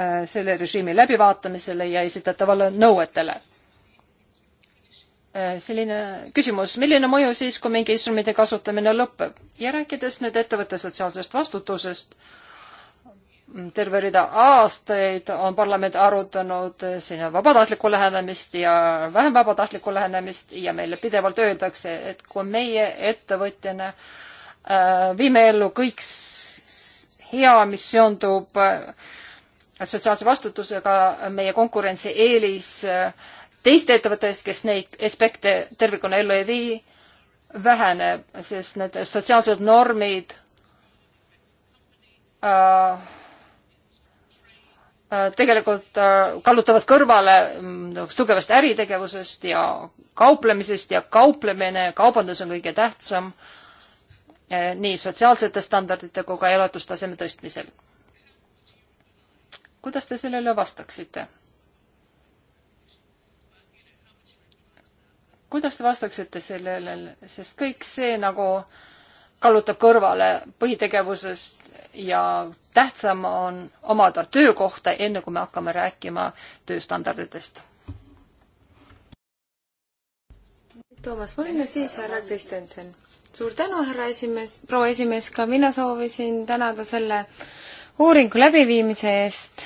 äh, selle režiimi läbivaatamisele ja esitatavale nõuetele. Äh, selline küsimus, milline mõju siis, kui mingi instrumendi kasutamine lõpeb ja rääkides nüüd ettevõtte sotsiaalsest vastutusest, terve rida aastaid on parlament arutanud sinna vabatahtlikku lähenemist ja vähem vabatahtlikku lähenemist ja meile pidevalt öeldakse, et kui meie ettevõtjana äh, viime ellu kõik hea, mis seondub äh, sotsiaalse vastutusega, meie konkurentsieelis äh, teiste ettevõtetest, kes neid aspekte tervikuna ellu ei vii, väheneb, sest need sotsiaalsed normid äh, Äh, tegelikult äh, kallutavad kõrvale mm, nagu tugevast äritegevusest ja kauplemisest ja kauplemine, kaubandus on kõige tähtsam äh, nii sotsiaalsete standardite kui ka elatustaseme tõstmisel. kuidas te sellele vastaksite? kuidas te vastaksite sellele, sest kõik see nagu äh, kallutab kõrvale põhitegevusest ja tähtsam on omada töökohta, enne kui me hakkame rääkima tööstandarditest. Toomas Võlne, siis härra Kristjanson. suur tänu, härra esimees, proua esimees, ka mina soovisin tänada selle uuringu läbiviimise eest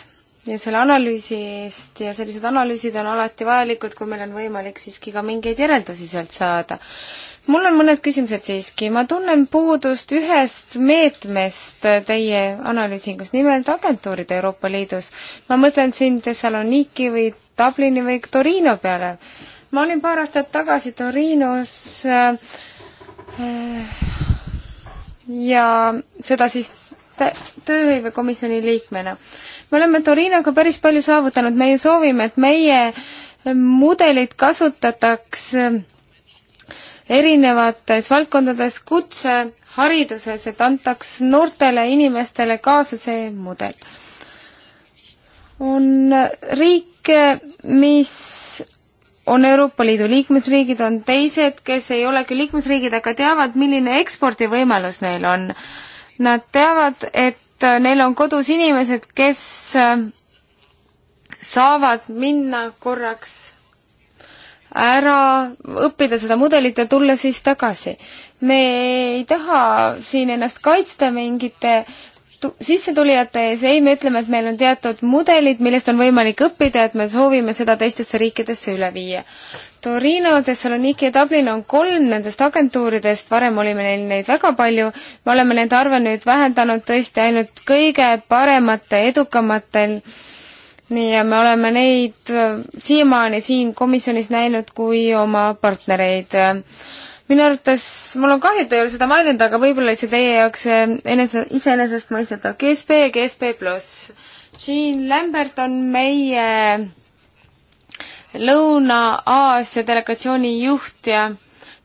ja selle analüüsi eest ja sellised analüüsid on alati vajalikud, kui meil on võimalik siiski ka mingeid järeldusi sealt saada mul on mõned küsimused siiski. ma tunnen puudust ühest meetmest teie analüüsingus, nimelt agentuurid Euroopa Liidus. ma mõtlen siin Thessaloniki või Dublini või Torino peale. ma olin paar aastat tagasi Torinos äh, ja seda siis tööhõivekomisjoni liikmena. me oleme Torinoga päris palju saavutanud, me ju soovime, et meie mudelit kasutataks äh, erinevates valdkondades kutsehariduses, et antaks noortele inimestele kaasa see mudel. on riike, mis on Euroopa Liidu liikmesriigid, on teised, kes ei ole küll liikmesriigid, aga teavad, milline ekspordivõimalus neil on. Nad teavad, et neil on kodus inimesed, kes saavad minna korraks ära õppida seda mudelit ja tulla siis tagasi. me ei taha siin ennast kaitsta mingite sissetulijate ees, ei, me ütleme, et meil on teatud mudelid, millest on võimalik õppida, et me soovime seda teistesse riikidesse üle viia. Torino, Thessaloniki ja Dublin on kolm nendest agentuuridest, varem oli meil neid väga palju, me oleme nende arve nüüd vähendanud tõesti ainult kõige paremate, edukamatel äh, nii, ja me oleme neid äh, siiamaani siin komisjonis näinud kui oma partnereid. minu arvates, mul on kahju, et te ei ole seda maininud, aga võib-olla see teie jaoks äh, enese, iseenesestmõistetav GSP ja GSP pluss. Jean Lambert on meie Lõuna-Aasia delegatsiooni juht ja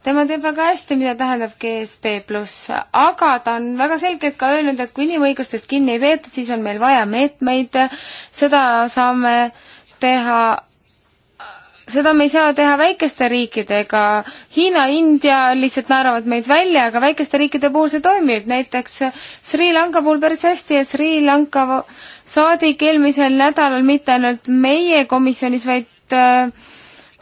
tema teab väga hästi, mida tähendab GSP pluss, aga ta on väga selgelt ka öelnud, et kui inimõigustest kinni ei peeta, siis on meil vaja meetmeid, seda saame teha seda me ei saa teha väikeste riikidega, Hiina, India lihtsalt naeravad meid välja, aga väikeste riikide puhul see toimib, näiteks Sri Lanka puhul päris hästi ja Sri Lanka saadik eelmisel nädalal mitte ainult meie komisjonis, vaid äh,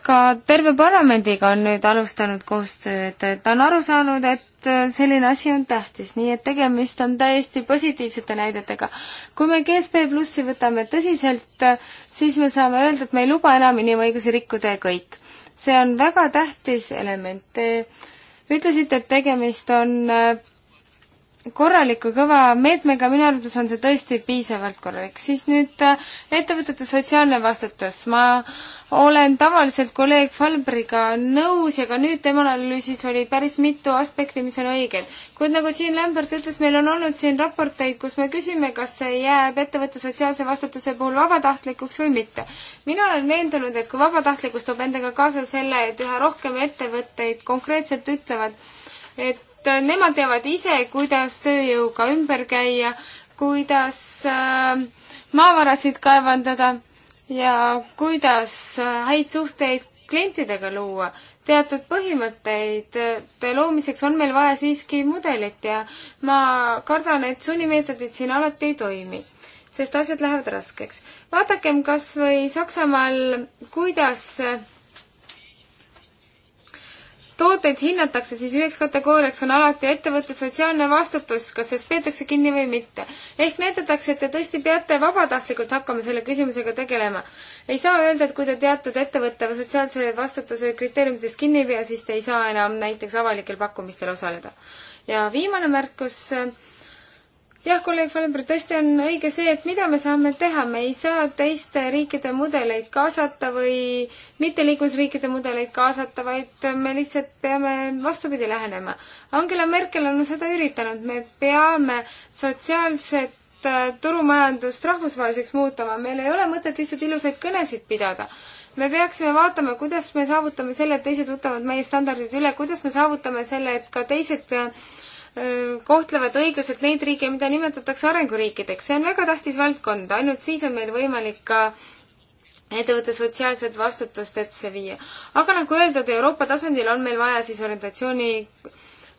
ka terve parlamendiga on nüüd alustanud koostööd, ta on aru saanud, et äh, selline asi on tähtis, nii et tegemist on täiesti positiivsete näidetega. kui me GSP Plussi võtame tõsiselt, äh, siis me saame öelda, et me ei luba enam inimõigusi rikkuda ja kõik. see on väga tähtis element. Te ütlesite, et tegemist on äh, korraliku kõva meetmega, minu arvates on see tõesti piisavalt korralik. siis nüüd ettevõtete sotsiaalne vastutus, ma olen tavaliselt kolleeg Falbriga nõus ja ka nüüd tema analüüsis oli päris mitu aspekti, mis on õiged. kuid nagu Jean Lambert ütles, meil on olnud siin raporteid, kus me küsime, kas see jääb ettevõtte sotsiaalse vastutuse puhul vabatahtlikuks või mitte. mina olen veendunud, et kui vabatahtlikkus toob endaga kaasa selle, et üha rohkem ettevõtteid konkreetselt ütlevad, et nemad teavad ise, kuidas tööjõuga ümber käia, kuidas äh, maavarasid kaevandada ja kuidas häid suhteid klientidega luua. teatud põhimõtteid äh, loomiseks on meil vaja siiski mudelit ja ma kardan, et sunnimeetodid siin alati ei toimi, sest asjad lähevad raskeks. vaadakem kas või Saksamaal, kuidas tooteid hinnatakse, siis üheks kategooriaks on alati ettevõtte sotsiaalne vastutus, kas sellest peetakse kinni või mitte. ehk näidatakse, et te tõesti peate vabatahtlikult hakkama selle küsimusega tegelema. ei saa öelda, et kui te teatud ettevõtte või sotsiaalse vastutuse kriteeriumitest kinni ei pea, siis te ei saa enam näiteks avalikel pakkumistel osaleda. ja viimane märkus äh, jah, kolleeg Valenberg, tõesti on õige see, et mida me saame teha, me ei saa teiste riikide mudeleid kaasata või mitte liikmesriikide mudeleid kaasata, vaid me lihtsalt peame vastupidi lähenema. Angela Merkel on seda üritanud, me peame sotsiaalset äh, turumajandust rahvusvaheliseks muutuma, meil ei ole mõtet lihtsalt ilusaid kõnesid pidada. me peaksime vaatama, kuidas me saavutame selle, et teised võtavad meie standardid üle, kuidas me saavutame selle, et ka teised äh, kohtlevad õiglaselt neid riike, mida nimetatakse arenguriikideks. see on väga tähtis valdkond, ainult siis on meil võimalik ka ettevõtte sotsiaalset vastutust, et see viia. aga nagu öeldud, Euroopa tasandil on meil vaja siis orientatsiooni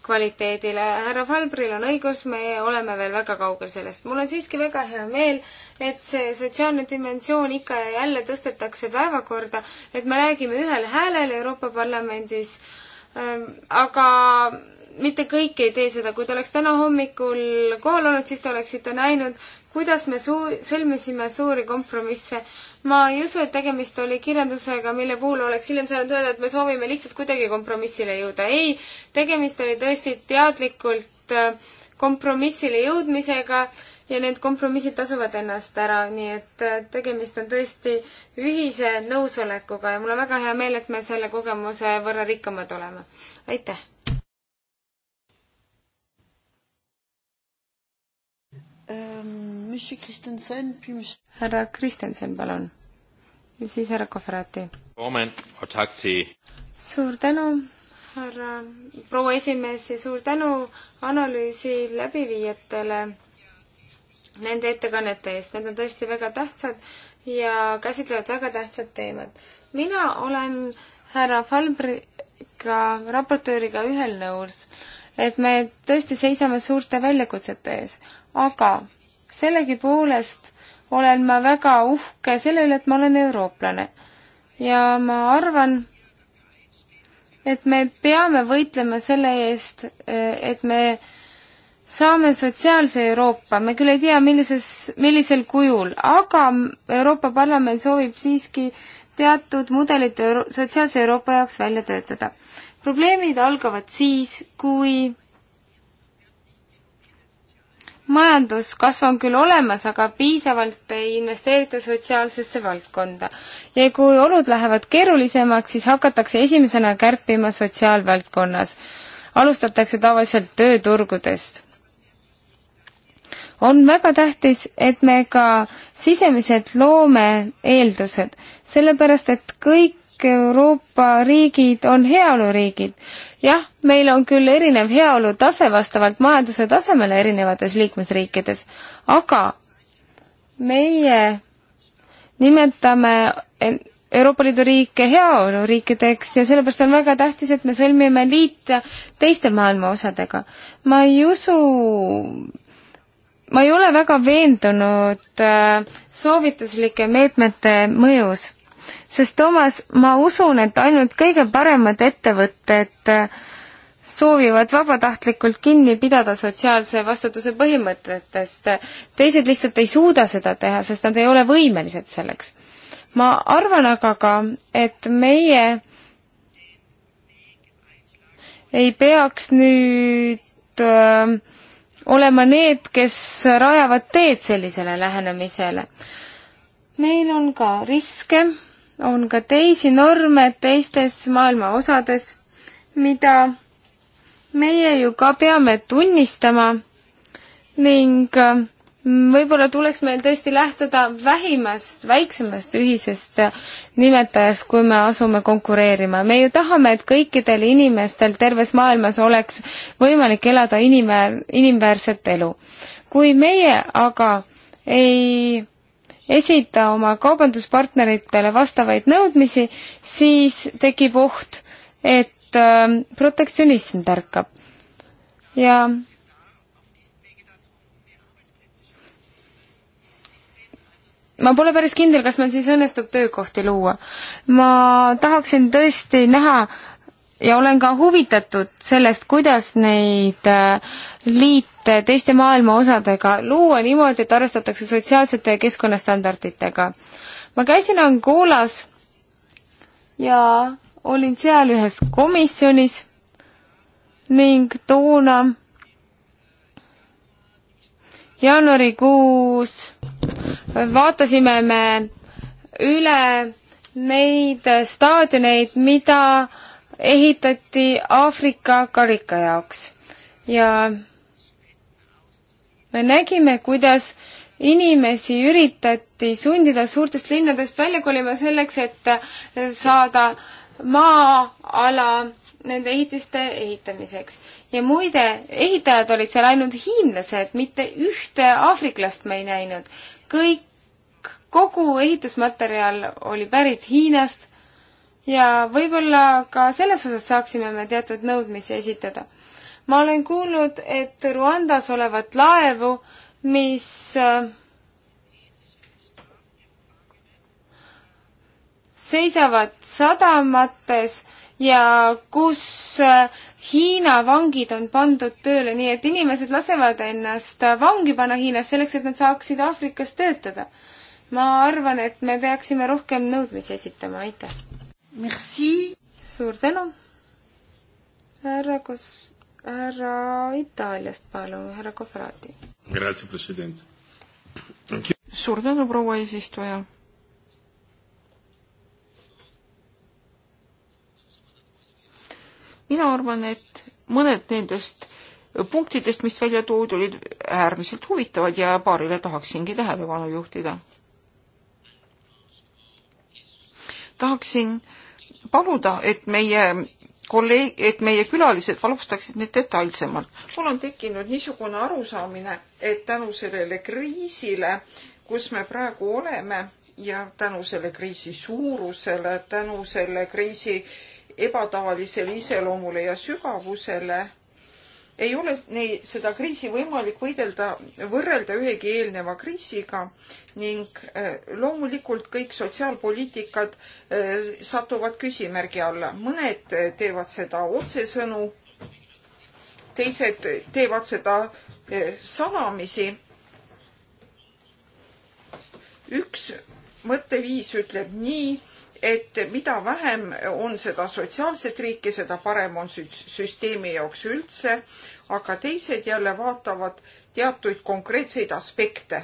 kvaliteedile. härra Falbril on õigus, me oleme veel väga kaugel sellest. mul on siiski väga hea meel, et see sotsiaalne dimensioon ikka ja jälle tõstetakse päevakorda, et me räägime ühel häälel Euroopa Parlamendis. aga mitte kõik ei tee seda, kui te oleks täna hommikul kohal olnud, siis te oleksite näinud, kuidas me suu-, sõlmisime suuri kompromisse. ma ei usu, et tegemist oli kirjandusega, mille puhul oleks hiljem saanud öelda, et me soovime lihtsalt kuidagi kompromissile jõuda. ei, tegemist oli tõesti teadlikult äh, kompromissile jõudmisega ja need kompromissid tasuvad ennast ära, nii et äh, tegemist on tõesti ühise nõusolekuga ja mul on väga hea meel, et me selle kogemuse võrra rikkamad oleme. aitäh! Ehm, härra Kristensen, palun. ja siis härra Kohverati. suur tänu, härra proua esimees ja suur tänu analüüsi läbiviijatele nende ettekannete eest, need on tõesti väga tähtsad ja käsitlevad väga tähtsat teemat. mina olen härra Falbriga, raportööriga ühel nõus et me tõesti seisame suurte väljakutsete ees, aga sellegipoolest olen ma väga uhke selle üle, et ma olen eurooplane. ja ma arvan, et me peame võitlema selle eest, et me saame sotsiaalse Euroopa, me küll ei tea, millises, millisel kujul, aga Euroopa Parlament soovib siiski teatud mudelit Euro sotsiaalse Euroopa jaoks välja töötada probleemid algavad siis, kui majanduskasv on küll olemas, aga piisavalt ei investeerita sotsiaalsesse valdkonda. ja kui olud lähevad keerulisemaks, siis hakatakse esimesena kärpima sotsiaalvaldkonnas. alustatakse tavaliselt tööturgudest. on väga tähtis, et me ka sisemiselt loome eeldused, sellepärast et kõik kõik Euroopa riigid on heaoluriigid. jah, meil on küll erinev heaolutase vastavalt majanduse tasemele erinevates liikmesriikides, aga meie nimetame Euroopa Liidu riike heaoluriikideks ja sellepärast on väga tähtis, et me sõlmime liite teiste maailma osadega. ma ei usu ma ei ole väga veendunud äh, soovituslike meetmete mõjus sest Toomas, ma usun, et ainult kõige paremad ettevõtted äh, soovivad vabatahtlikult kinni pidada sotsiaalse vastutuse põhimõtetest. teised lihtsalt ei suuda seda teha, sest nad ei ole võimelised selleks. ma arvan aga ka, et meie ei peaks nüüd öö, äh, olema need, kes rajavad teed sellisele lähenemisele. meil on ka riske, on ka teisi norme teistes maailma osades, mida meie ju ka peame tunnistama ning äh, võib-olla tuleks meil tõesti lähtuda vähimast, väiksemast ühisest nimetajast, kui me asume konkureerima. me ju tahame, et kõikidel inimestel terves maailmas oleks võimalik elada inimväär-, inimväärset elu. kui meie aga ei esita oma kaubanduspartneritele vastavaid nõudmisi, siis tekib oht, et ähm, protektsionism tärkab. ja ma pole päris kindel, kas meil siis õnnestub töökohti luua. ma tahaksin tõesti näha ja olen ka huvitatud sellest, kuidas neid äh, liit-, teiste maailma osadega luua niimoodi, et arvestatakse sotsiaalsete ja keskkonnastandarditega. ma käisin Angolas ja olin seal ühes komisjonis ning toona jaanuarikuus vaatasime me üle neid staadioneid, mida ehitati Aafrika karika jaoks ja me nägime, kuidas inimesi üritati sundida suurtest linnadest välja kolima selleks, et saada maa-ala nende ehitiste ehitamiseks. ja muide, ehitajad olid seal ainult hiinlased, mitte ühte aafriklast me ei näinud. kõik, kogu ehitusmaterjal oli pärit Hiinast ja võib-olla ka selles osas saaksime me teatud nõudmisi esitada ma olen kuulnud, et Ruandas olevat laevu, mis äh, seisavad sadamates ja kus äh, Hiina vangid on pandud tööle, nii et inimesed lasevad ennast vangi panna Hiinas selleks, et nad saaksid Aafrikas töötada. ma arvan, et me peaksime rohkem nõudmisi esitama, aitäh! suur tänu! härra Kos-, härra Itaaliast, palun, härra Kofrati. suur tänu, proua eesistuja. mina arvan, et mõned nendest punktidest, mis välja toodi, olid äärmiselt huvitavad ja paarile tahaksingi tähelepanu juhtida. tahaksin paluda, et meie kolleeg, et meie külalised valustaksid neid detailsemalt. mul on tekkinud niisugune arusaamine, et tänu sellele kriisile, kus me praegu oleme ja tänu selle kriisi suurusele, tänu selle kriisi ebatavalisele iseloomule ja sügavusele ei ole neid, seda kriisi võimalik võidelda, võrrelda ühegi eelneva kriisiga ning äh, loomulikult kõik sotsiaalpoliitikad äh, satuvad küsimärgi alla. mõned äh, teevad seda otsesõnu, teised teevad seda salamisi. üks mõtteviis ütleb nii et mida vähem on seda sotsiaalset riiki, seda parem on süsteemi jaoks üldse, aga teised jälle vaatavad teatuid konkreetseid aspekte.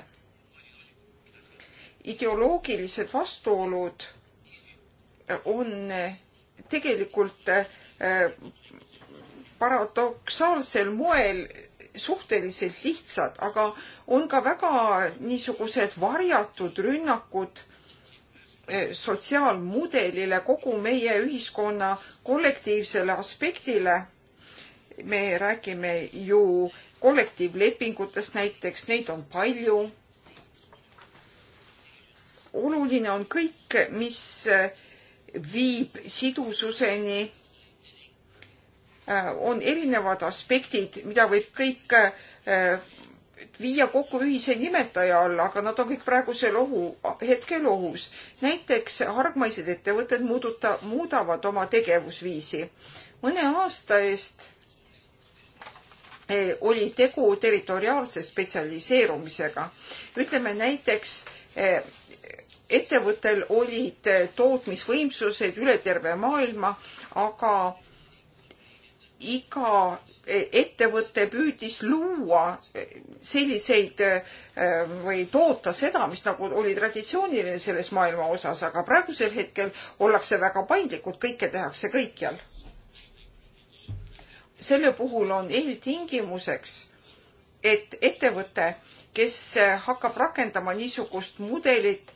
ideoloogilised vastuolud on tegelikult eh, paradoksaalsel moel suhteliselt lihtsad, aga on ka väga niisugused varjatud rünnakud Eh, sotsiaalmudelile, kogu meie ühiskonna kollektiivsele aspektile. me räägime ju kollektiivlepingutest näiteks, neid on palju. oluline on kõik, mis eh, viib sidususeni. Eh, on erinevad aspektid, mida võib kõik viia kokku ühise nimetaja alla, aga nad on kõik praegusel ohu, hetkel ohus. näiteks hargmaised ettevõtted muuduta, muudavad oma tegevusviisi. mõne aasta eest eh, oli tegu territoriaalse spetsialiseerumisega. ütleme näiteks eh, ettevõttel olid eh, tootmisvõimsused üle terve maailma, aga iga ettevõte püüdis luua selliseid äh, või toota seda, mis nagu oli traditsiooniline selles maailma osas, aga praegusel hetkel ollakse väga paindlikud, kõike tehakse kõikjal. selle puhul on eeltingimuseks, et ettevõte, kes hakkab rakendama niisugust mudelit,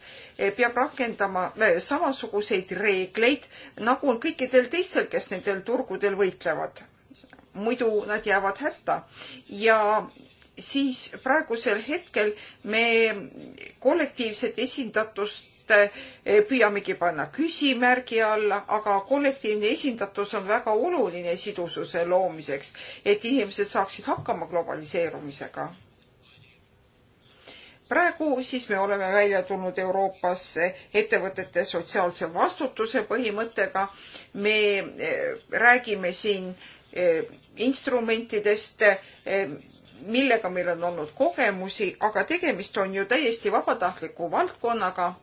peab rakendama äh, samasuguseid reegleid, nagu on kõikidel teistel, kes nendel turgudel võitlevad muidu nad jäävad hätta. ja siis praegusel hetkel me kollektiivset esindatust eh, püüamegi panna küsimärgi alla, aga kollektiivne esindatus on väga oluline sidususe loomiseks, et inimesed saaksid hakkama globaliseerumisega. praegu siis me oleme välja tulnud Euroopas ettevõtete sotsiaalse vastutuse põhimõttega. me eh, räägime siin eh, instrumentidest, eh, millega meil on olnud kogemusi, aga tegemist on ju täiesti vabatahtliku valdkonnaga.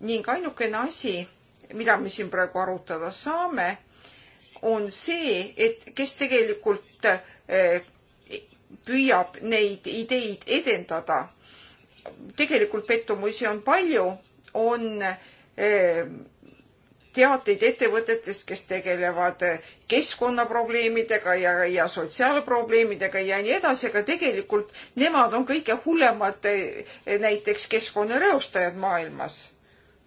ning ainukene asi, mida me siin praegu arutada saame, on see, et kes tegelikult eh, püüab neid ideid edendada. tegelikult pettumusi on palju, on eh, teateid ettevõtetest, kes tegelevad keskkonnaprobleemidega ja, ja sotsiaalprobleemidega ja nii edasi, aga tegelikult nemad on kõige hullemad eh, näiteks keskkonnareostajad maailmas.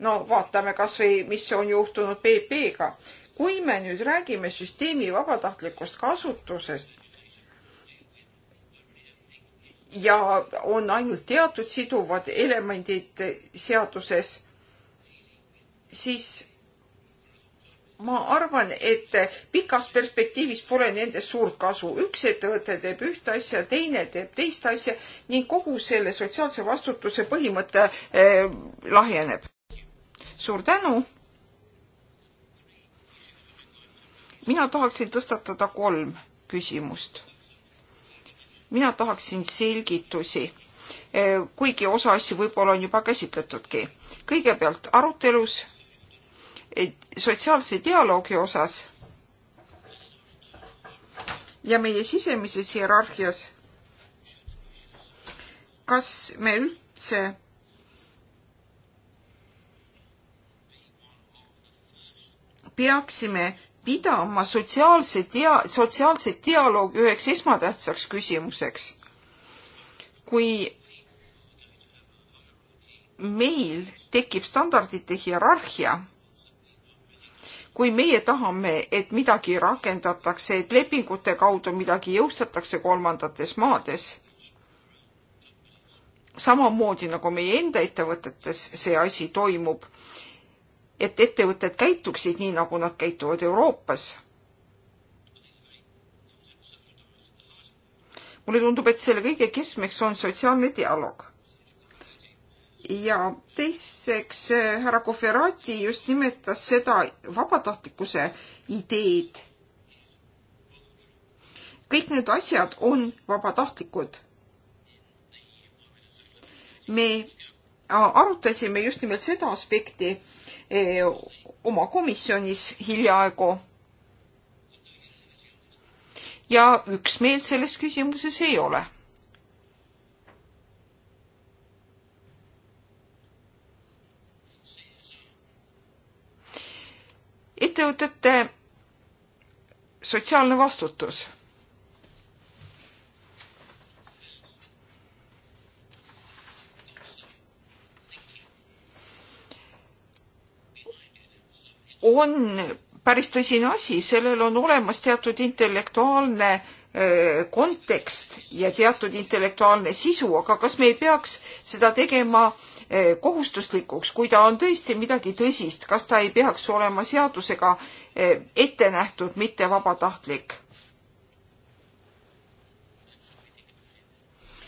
no vaatame kas või, mis on juhtunud BP-ga. kui me nüüd räägime süsteemi vabatahtlikust kasutusest, ja on ainult teatud siduvad elemendid seaduses, siis ma arvan, et pikas perspektiivis pole nendest suurt kasu. üks ettevõte teeb ühte asja, teine teeb teist asja ning kogu selle sotsiaalse vastutuse põhimõte eh, lahjeneb. suur tänu. mina tahaksin tõstatada kolm küsimust. mina tahaksin selgitusi eh,, kuigi osa asju võib-olla on juba käsitletudki. kõigepealt arutelus sotsiaalse dialoogi osas ja meie sisemises hierarhias, kas me üldse peaksime pidama sotsiaalse dia-, sotsiaalset dialoogi üheks esmatähtsaks küsimuseks. kui meil tekib standardite hierarhia kui meie tahame, et midagi rakendatakse, et lepingute kaudu midagi jõustatakse kolmandates maades, samamoodi nagu meie enda ettevõtetes see asi toimub, et ettevõtted käituksid nii, nagu nad käituvad Euroopas mulle tundub, et selle kõige keskmeks on sotsiaalne dialoog ja teiseks eh, härra Koferati just nimetas seda vabatahtlikkuse ideed. kõik need asjad on vabatahtlikud. me arutasime just nimelt seda aspekti eh, oma komisjonis hiljaaegu. ja üksmeelt selles küsimuses ei ole ettevõtete sotsiaalne vastutus. on päris tõsine asi, sellel on olemas teatud intellektuaalne kontekst ja teatud intellektuaalne sisu, aga kas me ei peaks seda tegema kohustuslikuks, kui ta on tõesti midagi tõsist, kas ta ei peaks olema seadusega ette nähtud, mitte vabatahtlik?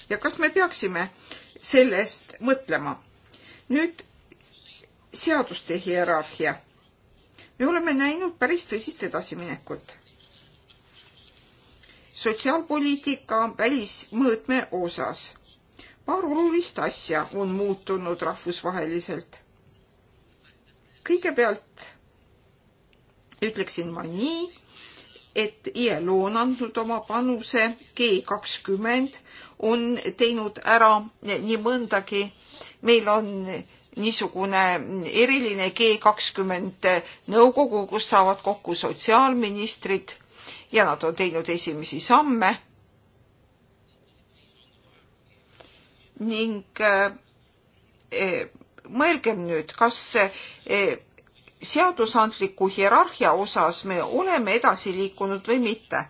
ja kas me peaksime sellest mõtlema? nüüd seaduste hierarhia. me oleme näinud päris tõsist edasiminekut sotsiaalpoliitika välismõõtme osas. paar olulist asja on muutunud rahvusvaheliselt. kõigepealt ütleksin ma nii, et ILO on andnud oma panuse, G kakskümmend on teinud ära nii mõndagi. meil on niisugune eriline G kakskümmend nõukogu, kus saavad kokku sotsiaalministrid ja nad on teinud esimesi samme. ning eh, eh, mõelgem nüüd, kas eh, seadusandliku hierarhia osas me oleme edasi liikunud või mitte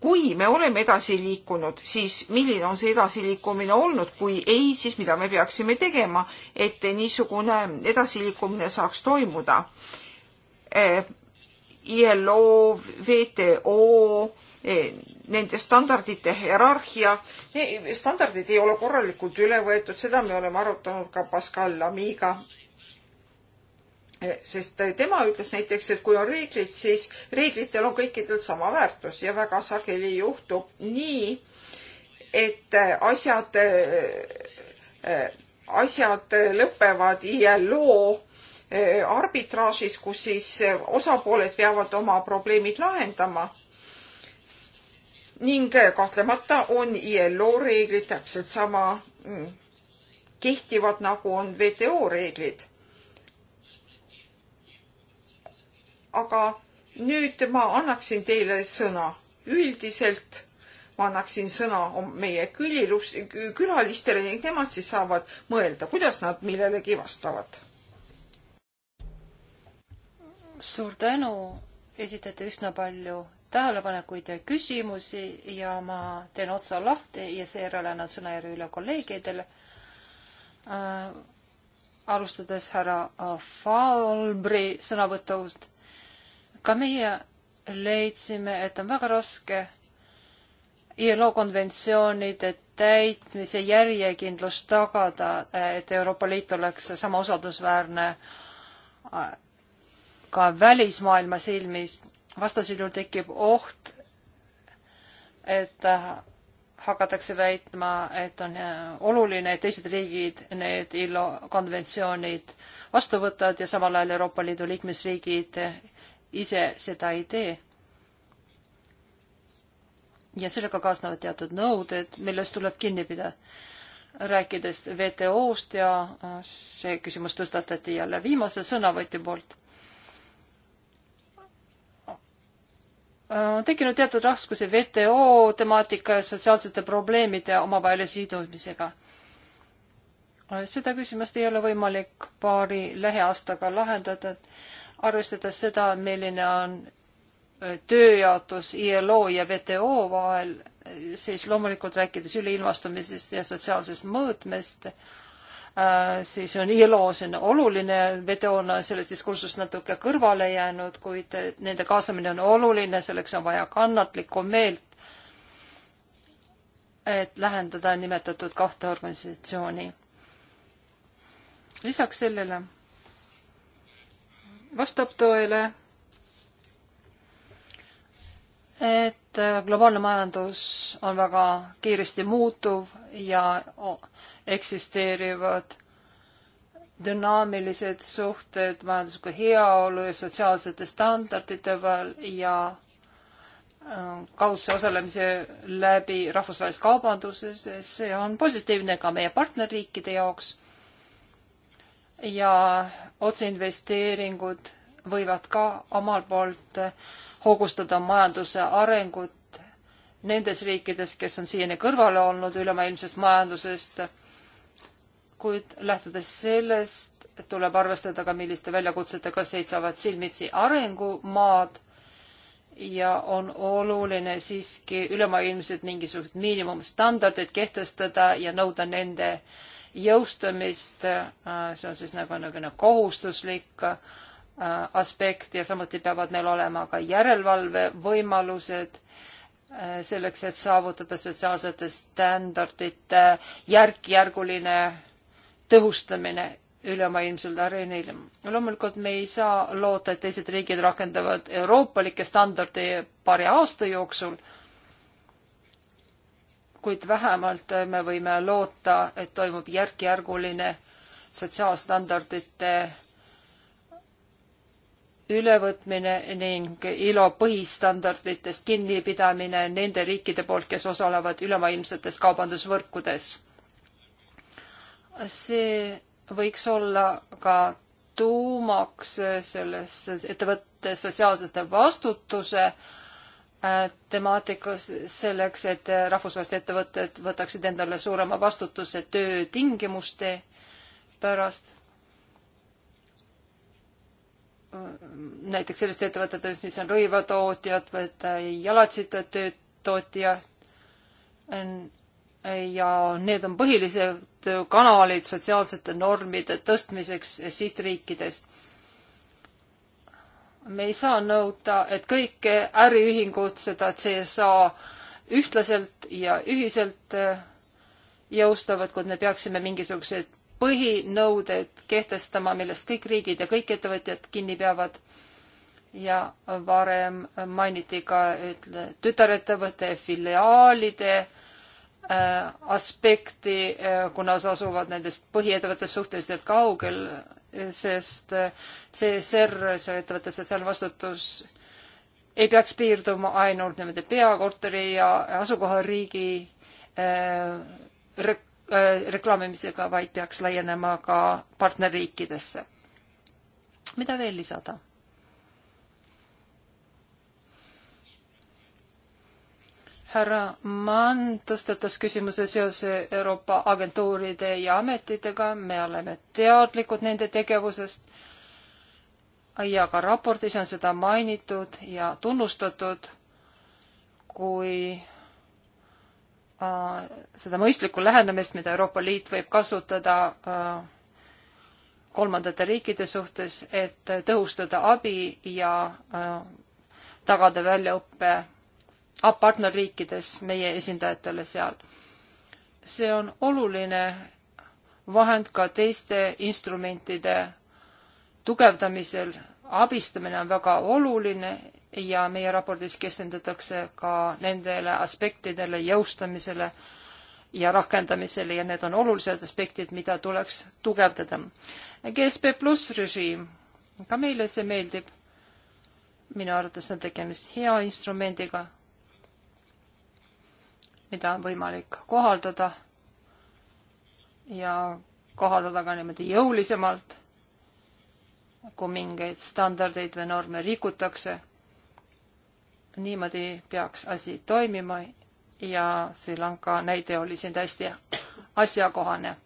kui me oleme edasi liikunud, siis milline on see edasiliikumine olnud, kui ei, siis mida me peaksime tegema, et niisugune edasiliikumine saaks toimuda? ILO, WTO, eh, nende standardite hierarhia, standardid ei ole korralikult üle võetud, seda me oleme arutanud ka Pascal Lamiga. Eh, sest tema ütles näiteks, et kui on reeglid, siis reeglitel on kõikidel sama väärtus ja väga sageli juhtub nii, et eh, asjad, asjad lõpevad ILO Äh, arbitraažis, kus siis äh, osapooled peavad oma probleemid lahendama. ning äh, kahtlemata on ILO reeglid täpselt sama mm, kehtivad, nagu on WTO reeglid. aga nüüd ma annaksin teile sõna üldiselt ma annaksin sõna meie külilus, külalistele ning nemad siis saavad mõelda, kuidas nad millelegi vastavad suur tänu, esitati üsna palju tähelepanekuid ja küsimusi ja ma teen otsa lahti ja seejärel annan sõna järje üle kolleegidele äh,. alustades härra äh, Falbri sõnavõtust. ka meie leidsime, et on väga raske ILO konventsioonide täitmise järjekindlust tagada, et Euroopa Liit oleks sama usaldusväärne äh, ka välismaailma silmis, vastasel juhul tekib oht, et äh, hakatakse väitma, et on äh, oluline, et teised riigid need ILO konventsioonid vastu võtavad ja samal ajal Euroopa Liidu liikmesriigid äh, ise seda ei tee. ja sellega kaasnevad teatud nõuded, millest tuleb kinni pidada. rääkides WTO-st ja see küsimus tõstatati jälle viimase sõnavõtja poolt Äh, on tekkinud teatud raskusi WTO temaatika ja sotsiaalsete probleemide omavahelise sidumisega. Äh, seda küsimust ei ole võimalik paari lähiaastaga lahendada, arvestades seda, milline on äh, tööjaotus ILO ja WTO vahel, siis loomulikult rääkides üleilmastumisest ja sotsiaalsest mõõtmest, Äh, siis on ILO, see on oluline, WTO on sellest diskursust natuke kõrvale jäänud, kuid äh, nende kaasamine on oluline, selleks on vaja kannatlikku meelt, et lähendada nimetatud kahte organisatsiooni. lisaks sellele vastab tõele, et äh, globaalne majandus on väga kiiresti muutuv ja eksisteerivad dünaamilised suhted majandusliku heaolu ja sotsiaalsete standardite vahel ja äh, kaudse osalemise läbi rahvusvahelises kaubanduses, see on positiivne ka meie partnerriikide jaoks. ja otseinvesteeringud võivad ka omalt poolt hoogustada majanduse arengut nendes riikides, kes on siiani kõrvale olnud ülemaailmsest majandusest kuid lähtudes sellest tuleb arvestada ka, milliste väljakutsetega seisavad silmitsi arengumaad ja on oluline siiski ülemaailmselt mingisugused miinimumstandardid kehtestada ja nõuda nende jõustamist, äh, see on siis nagu niisugune nagu kohustuslik äh, aspekt ja samuti peavad meil olema ka järelevalvevõimalused äh, selleks, et saavutada sotsiaalsete standardite järk-järguline tõhustamine ülemaailmsel areenil. loomulikult me ei saa loota, et teised riigid rakendavad euroopalikke standardeid paari aasta jooksul, kuid vähemalt me võime loota, et toimub järk-järguline sotsiaalstandardite ülevõtmine ning ILO põhistandarditest kinnipidamine nende riikide poolt, kes osalevad ülemaailmsetes kaubandusvõrkudes see võiks olla ka tuumaks selles ettevõtte sotsiaalsete vastutuse äh, temaatikas selleks, et rahvusvahelised ettevõtted võtaksid endale suurema vastutuse töötingimuste pärast. näiteks selliste ettevõtete, mis on rõivatootjad või äh, jalatsit töötootja äh, ja need on põhilised kanalid sotsiaalsete normide tõstmiseks sihtriikides. me ei saa nõuda, et kõik äriühingud seda CSA ühtlaselt ja ühiselt äh, jõustavad, kuid me peaksime mingisugused põhinõuded kehtestama, millest kõik riigid ja kõik ettevõtjad kinni peavad. ja varem mainiti ka ütle, tütarettevõtte filiaalide Äh, aspekti, äh, kuna sa asuvad nendest põhiettevõttest suhteliselt kaugel, sest äh, CSR, see ettevõtte sotsiaalvastutus, ei peaks piirduma ainult niimoodi peakorteri ja asukohariigi reklaamimisega, vaid peaks laienema ka partnerriikidesse. mida veel lisada? härra Mann tõstatas küsimuse seoses Euroopa agentuuride ja ametitega, me oleme teadlikud nende tegevusest ja ka raportis on seda mainitud ja tunnustatud kui äh, seda mõistlikku lähenemist, mida Euroopa Liit võib kasutada äh, kolmandate riikide suhtes, et tõhustada abi ja äh, tagada väljaõppe partnerriikides meie esindajatele seal. see on oluline vahend ka teiste instrumentide tugevdamisel, abistamine on väga oluline ja meie raportis keskendutakse ka nendele aspektidele, jõustamisele ja rakendamisele ja need on olulised aspektid, mida tuleks tugevdada. GSP pluss režiim, ka meile see meeldib. minu arvates on tegemist hea instrumendiga mida on võimalik kohaldada ja kohaldada ka niimoodi jõulisemalt, kui mingeid standardeid või norme rikutakse. niimoodi peaks asi toimima ja Sri Lanka näide oli siin täiesti asjakohane.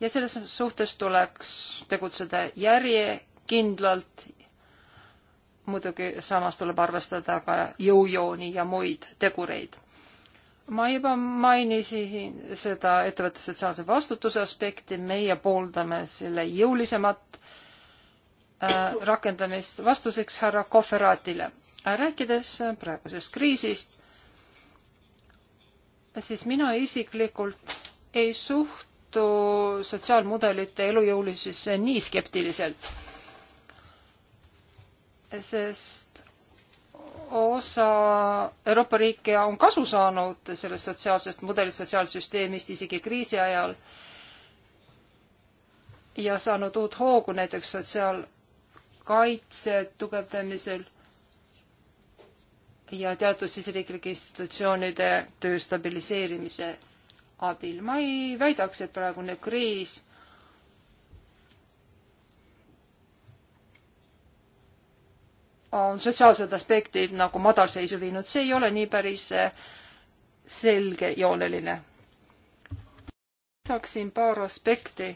ja selles suhtes tuleks tegutseda järjekindlalt. muidugi samas tuleb arvestada ka jõujooni ja muid tegureid ma juba mainisin seda ettevõtte sotsiaalse vastutuse aspekti, meie pooldame selle jõulisemat äh, rakendamist vastuseks härra Kohveraatile. rääkides praegusest kriisist, siis mina isiklikult ei suhtu sotsiaalmudelite elujõulisusse nii skeptiliselt, sest osa Euroopa riike on kasu saanud sellest sotsiaalsest mudelist, sotsiaalsüsteemist isegi kriisi ajal ja saanud uut hoogu näiteks sotsiaalkaitse tugevdamisel ja teatud siseriiklike institutsioonide töö stabiliseerimise abil. ma ei väidaks, et praegune kriis on sotsiaalsed aspektid nagu madalseisu viinud, see ei ole nii päris eh, selgejooneline. lisaksin paar aspekti.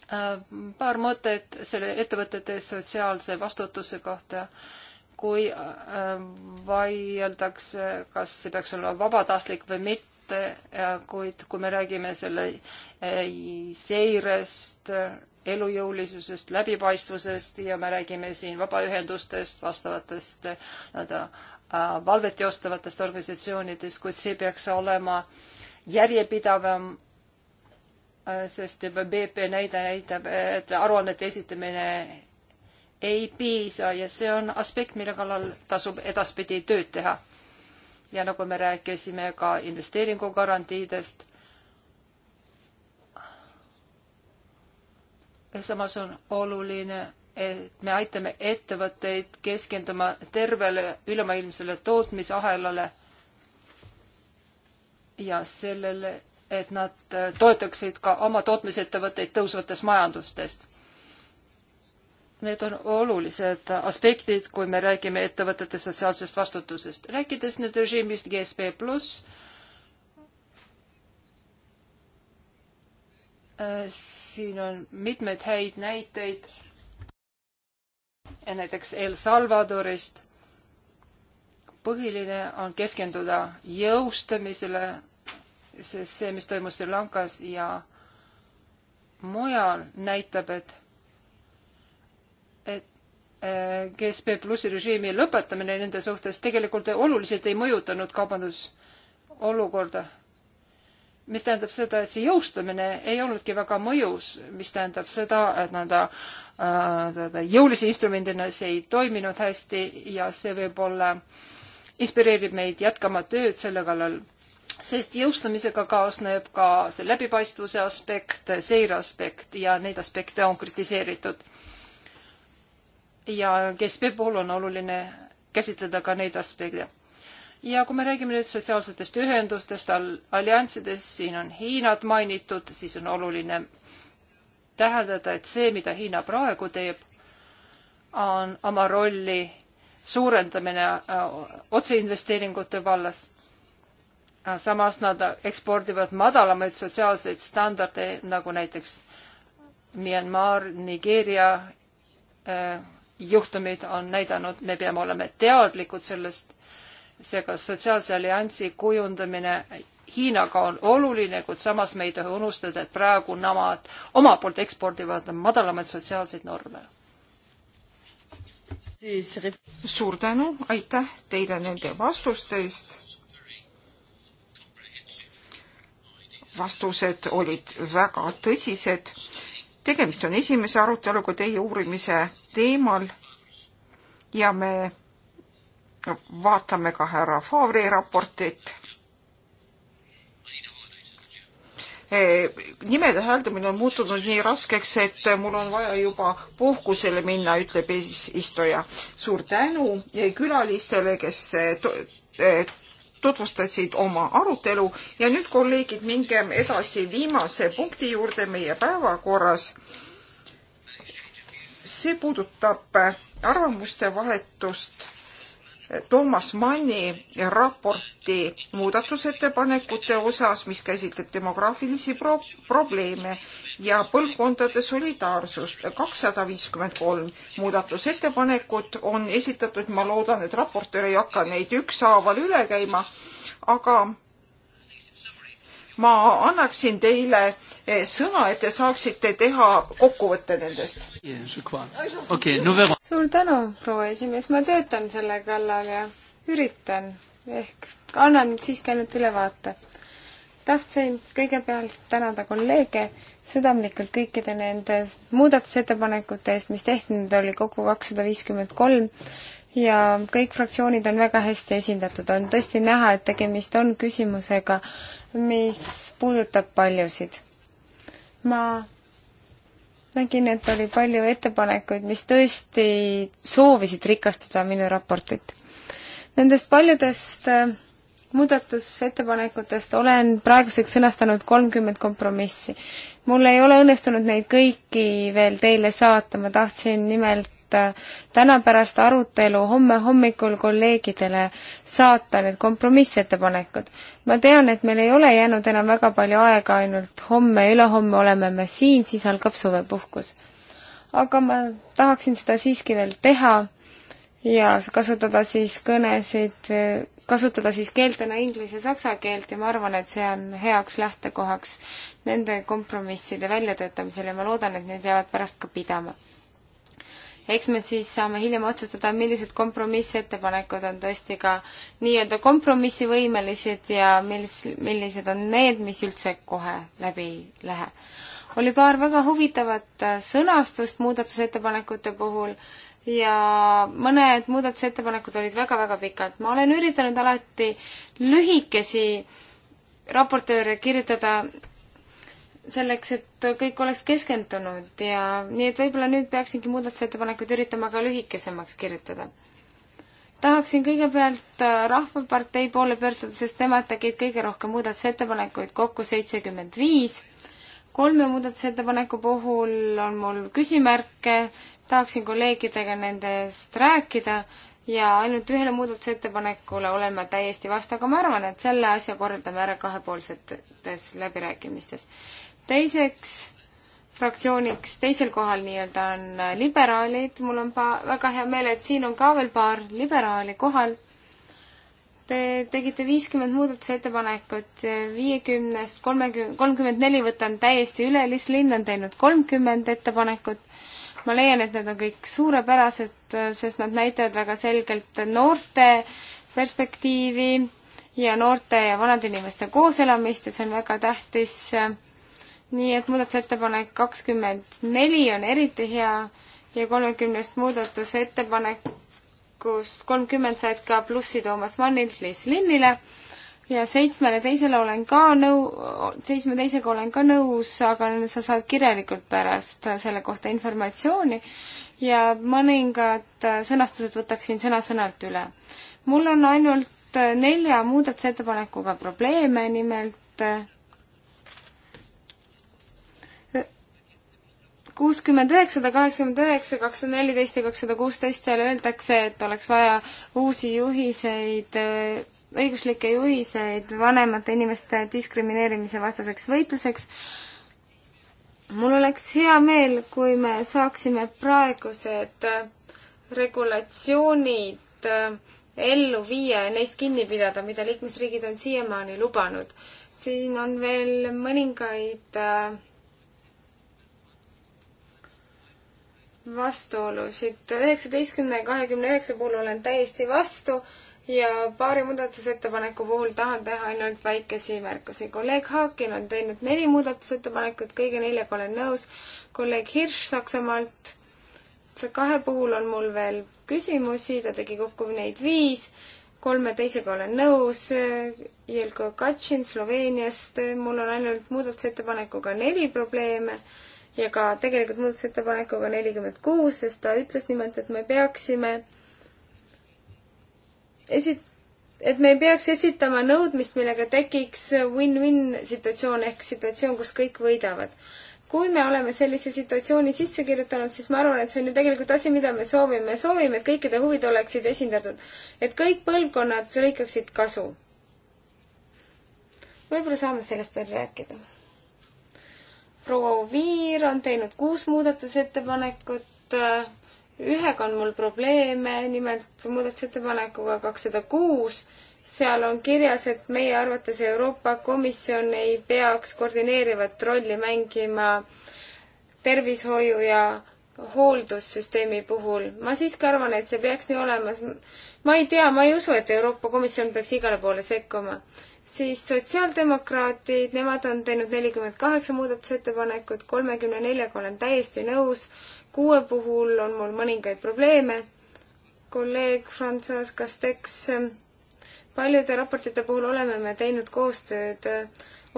Eh, paar mõtet selle ettevõtete sotsiaalse vastutuse kohta kui eh, vaieldakse, kas see peaks olema vabatahtlik või mitte, kuid kui me räägime selle seirest elujõulisusest, läbipaistvusest ja me räägime siin vabaühendustest, vastavatest nii-öelda äh, valvet teostavatest organisatsioonidest, kuid see peaks olema järjepidavam, äh, sest juba BP näide näitab, et aruannete esitamine ei piisa ja see on aspekt, mille kallal tasub edaspidi tööd teha. ja nagu me rääkisime ka investeeringugarantiidest samas on oluline, et me aitame ettevõtteid keskenduma tervele ülemaailmsele tootmisahelale ja sellele, et nad toetaksid ka oma tootmisettevõtteid tõusvates majandustest. Need on olulised aspektid, kui me räägime ettevõtete sotsiaalsest vastutusest. rääkides nüüd režiimist GSP pluss, siin on mitmeid häid näiteid, näiteks El Salvadorist. põhiline on keskenduda jõustamisele, sest see, mis toimus Sri Lankas ja mujal, näitab, et, et äh, GSP Plussi režiimi lõpetamine nende suhtes tegelikult oluliselt ei mõjutanud kaubandusolukorda mis tähendab seda, et see jõustumine ei olnudki väga mõjus, mis tähendab seda, et äh, nõnda jõulise instrumendina see ei toiminud hästi ja see võib-olla inspireerib meid jätkama tööd selle kallal, sest jõustamisega kaasneb ka see läbipaistvuse aspekt, seire aspekt ja neid aspekte on kritiseeritud. ja GSP puhul on oluline käsitleda ka neid aspekte ja kui me räägime nüüd sotsiaalsetest ühendustest, allianssidest, siin on Hiinat mainitud, siis on oluline täheldada, et see, mida Hiina praegu teeb, on oma rolli suurendamine äh, otseinvesteeringute vallas. Äh, samas nad ekspordivad madalamaid sotsiaalseid standardeid, nagu näiteks Myanmar, Nigeeria äh, juhtumid on näidanud, me peame olema teadlikud sellest seega sotsiaalse alliansi kujundamine Hiinaga on oluline, kuid samas me ei tohi unustada, et praegu nemad oma poolt ekspordivad madalamaid sotsiaalseid norme. suur tänu, aitäh teile nende vastuste eest. vastused olid väga tõsised. tegemist on esimese aruteluga teie uurimise teemal ja me vaatame ka härra Favri raportit. E, nimede hääldamine on muutunud nii raskeks, et mul on vaja juba puhkusele minna, ütleb istuja. suur tänu külalistele, kes e, tutvustasid oma arutelu ja nüüd, kolleegid, mingem edasi viimase punkti juurde meie päevakorras. see puudutab arvamuste vahetust Toomas Manni raporti muudatusettepanekute osas, mis käsitleb demograafilisi pro probleeme ja põlvkondade solidaarsust. kakssada viiskümmend kolm muudatusettepanekut on esitatud, ma loodan, et raportöör ei hakka neid ükshaaval üle käima, aga ma annaksin teile eh, sõna, et te saaksite teha kokkuvõtte nendest. suur tänu, proua esimees, ma töötan selle kallal ja üritan ehk annan siiski ainult ülevaate. tahtsin kõigepealt tänada kolleege südamlikult kõikide nende muudatusettepanekute eest, mis tehti, neid oli kokku kakssada viiskümmend kolm ja kõik fraktsioonid on väga hästi esindatud, on tõesti näha, et tegemist on küsimusega, mis puudutab paljusid. ma nägin, et oli palju ettepanekuid, mis tõesti soovisid rikastada minu raportit. Nendest paljudest äh, muudatusettepanekutest olen praeguseks sõnastanud kolmkümmend kompromissi. mul ei ole õnnestunud neid kõiki veel teile saata, ma tahtsin nimelt Äh, täna pärast arutelu homme hommikul kolleegidele saata need kompromissettepanekud. ma tean, et meil ei ole jäänud enam väga palju aega, ainult homme ja ülehomme oleme me siin, siis algab suvepuhkus. aga ma tahaksin seda siiski veel teha ja kasutada siis kõnesid, kasutada siis keeltena inglise ja saksa keelt ja ma arvan, et see on heaks lähtekohaks nende kompromisside väljatöötamisel ja ma loodan, et need jäävad pärast ka pidama eks me siis saame hiljem otsustada, millised kompromissettepanekud on tõesti ka nii-öelda kompromissivõimelised ja millis, millised on need, mis üldse kohe läbi ei lähe. oli paar väga huvitavat äh, sõnastust muudatusettepanekute puhul ja mõned muudatusettepanekud olid väga-väga pikad. ma olen üritanud alati lühikesi raportööre kirjutada selleks, et kõik oleks keskendunud ja nii et võib-olla nüüd peaksingi muudatusettepanekud üritama ka lühikesemaks kirjutada. tahaksin kõigepealt äh, Rahvapartei poole pöörduda, sest nemad tegid kõige rohkem muudatusettepanekuid, kokku seitsekümmend viis. kolme muudatusettepaneku puhul on mul küsimärke, tahaksin kolleegidega nendest rääkida ja ainult ühele muudatusettepanekule olen ma täiesti vastu, aga ma arvan, et selle asja korraldame ära kahepoolsetes läbirääkimistes teiseks fraktsiooniks teisel kohal nii-öelda on äh, liberaalid, mul on pa-, väga hea meel, et siin on ka veel paar liberaali kohal. Te tegite viiskümmend muudatusettepanekut, viiekümnest kolmekümne, kolmkümmend neli võtan täiesti üle, Liis Linn on teinud kolmkümmend ettepanekut. ma leian, et need on kõik suurepärased, äh, sest nad näitavad väga selgelt noorte perspektiivi ja noorte ja vanade inimeste kooselamist ja see on väga tähtis äh, nii et muudatusettepanek kakskümmend neli on eriti hea ja kolmekümnest muudatusettepanekust kolmkümmend said ka plussi Toomas Mannilt Liis Linnile ja seitsmele teisele olen ka nõu-, seitsme teisega olen ka nõus, aga sa saad kirjalikult pärast selle kohta informatsiooni ja mõningad sõnastused võtaksin sõna-sõnalt üle. mul on ainult nelja muudatusettepanekuga probleeme, nimelt kuuskümmend üheksa, sada kaheksakümmend üheksa, kakssada neliteist ja kakssada kuusteist, seal öeldakse, et oleks vaja uusi juhiseid, õiguslikke juhiseid vanemate inimeste diskrimineerimise vastaseks võitluseks. mul oleks hea meel, kui me saaksime praegused regulatsioonid äh, ellu viia ja neist kinni pidada, mida liikmesriigid on siiamaani lubanud. siin on veel mõningaid äh, vastuolusid. üheksateistkümne ja kahekümne üheksa puhul olen täiesti vastu ja paari muudatusettepaneku puhul tahan teha ainult väikesi märkusi. kolleeg Haakin on teinud neli muudatusettepanekut, kõige neljaga olen nõus. kolleeg Hirsch Saksamaalt, kahe puhul on mul veel küsimusi, ta tegi kokku neid viis. kolme teisega olen nõus. Jelko Katšin Sloveeniast, mul on ainult muudatusettepanekuga neli probleeme ja ka tegelikult muudatusettepanekuga nelikümmend kuus, sest ta ütles nimelt, et me peaksime esit-, et me ei peaks esitama nõudmist, millega tekiks win-win situatsioon ehk situatsioon, kus kõik võidavad. kui me oleme sellise situatsiooni sisse kirjutanud, siis ma arvan, et see on ju tegelikult asi, mida me soovime. soovime, et kõikide huvid oleksid esindatud, et kõik põlvkonnad lõikaksid kasu. võib-olla saame sellest veel rääkida proua Oviir on teinud kuus muudatusettepanekut, ühega on mul probleeme, nimelt muudatusettepanekuga kakssada kuus, seal on kirjas, et meie arvates Euroopa Komisjon ei peaks koordineerivat rolli mängima tervishoiu ja hooldussüsteemi puhul. ma siiski arvan, et see peaks nii olema. ma ei tea, ma ei usu, et Euroopa Komisjon peaks igale poole sekkuma siis sotsiaaldemokraatid, nemad on teinud nelikümmend kaheksa muudatusettepanekut, kolmekümne neljaga olen täiesti nõus, kuue puhul on mul mõningaid probleeme. kolleeg Francois Castex, paljude raportite puhul oleme me teinud koostööd.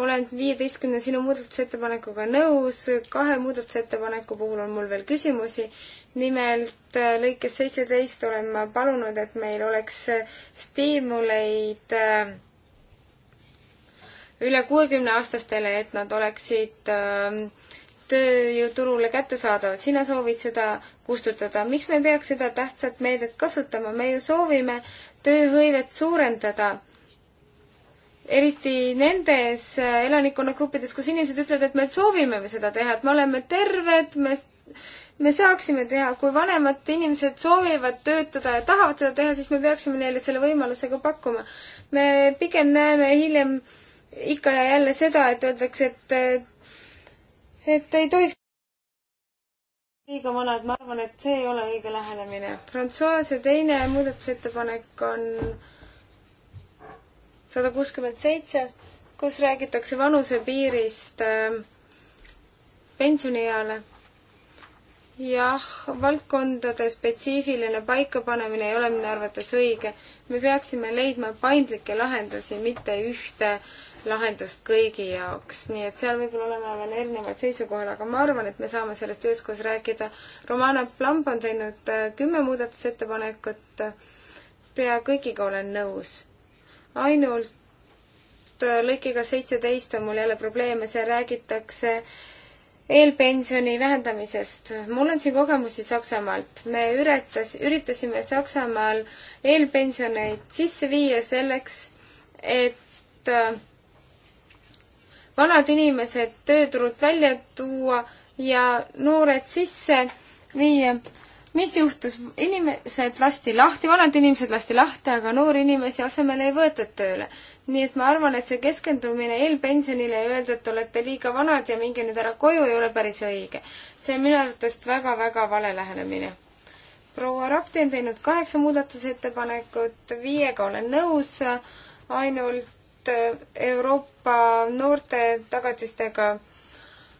olen viieteistkümne sinu muudatusettepanekuga nõus, kahe muudatusettepaneku puhul on mul veel küsimusi. nimelt äh, lõikes seitseteist olen ma palunud, et meil oleks stiimuleid äh, üle kuuekümne aastastele, et nad oleksid ähm, tööjõuturule kättesaadavad. sina soovid seda kustutada. miks me peaks seda tähtsat meedet kasutama? me ju soovime tööhõivet suurendada eriti nendes äh, elanikkonnagruppides, kus inimesed ütlevad, et me soovime seda teha, et me oleme terved, me, me saaksime teha. kui vanemad inimesed soovivad töötada ja tahavad seda teha, siis me peaksime neile selle võimaluse ka pakkuma. me pigem näeme hiljem äh, ikka ja jälle seda, et öeldakse, et, et ei tohiks liiga vanad, ma arvan, et see ei ole õige lähenemine. Prantsuaase teine muudatusettepanek on sada kuuskümmend seitse, kus räägitakse vanusepiirist ähm, pensionieale. jah, valdkondade spetsiifiline paikapanemine ei ole minu arvates õige. me peaksime leidma paindlikke lahendusi, mitte ühte äh, lahendust kõigi jaoks, nii et seal võib-olla oleme veel erinevad seisukohal, aga ma arvan, et me saame sellest üheskoos rääkida. Romana Plamp on teinud äh, kümme muudatusettepanekut, pea kõigiga olen nõus. ainult äh, lõikega seitseteist on mul jälle probleeme, seal räägitakse eelpensioni vähendamisest. mul on siin kogemusi Saksamaalt. me üritas, üritasime Saksamaal eelpensioneid sisse viia selleks, et äh, vanad inimesed tööturult välja tuua ja noored sisse viia. mis juhtus? inimesed lasti lahti, vanad inimesed lasti lahti, aga noori inimesi asemele ei võetud tööle. nii et ma arvan, et see keskendumine eelpensionile ja öelda, et olete liiga vanad ja minge nüüd ära koju, ei ole päris õige. see on minu arvates väga-väga vale lähenemine proua Rapti on teinud kaheksa muudatusettepanekut, viiega olen nõus, ainult Äh, Euroopa noorte tagatistega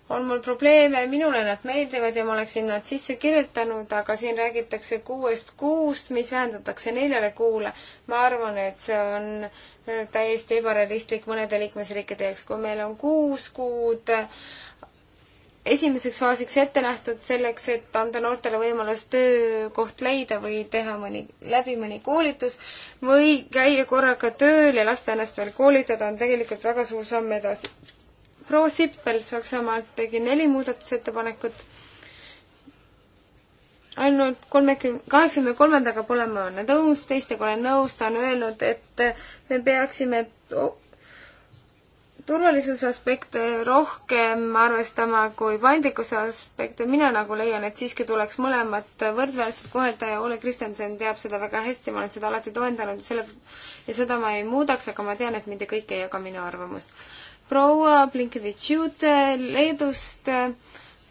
on mul probleeme, minule nad meeldivad ja ma oleksin nad sisse kirjutanud, aga siin räägitakse kuuest kuust, mis vähendatakse neljale kuule. ma arvan, et see on äh, täiesti ebarealistlik mõnede liikmesriikide jaoks, kui meil on kuus kuud esimeseks faasiks ette nähtud selleks, et anda noortele võimalus töökoht leida või teha mõni, läbi mõni koolitus või käia korraga tööl ja lasta ennast veel koolitada, on tegelikult väga suur samm edasi. proua Sippel Saksamaalt tegi neli muudatusettepanekut. ainult kolmekümne, kaheksakümne kolmandaga pole ma nõus, teistega olen nõus, ta on öelnud, et me peaksime et turvalisuse aspekte rohkem arvestama kui paindlikkuse aspekte, mina nagu leian, et siiski tuleks mõlemat võrdväärselt kohelda ja Ole Kristjanson teab seda väga hästi, ma olen seda alati toendanud ja selle, ja seda ma ei muudaks, aga ma tean, et mitte kõik ei jaga minu arvamust. proua Blinkevitš-Jute Leedust äh,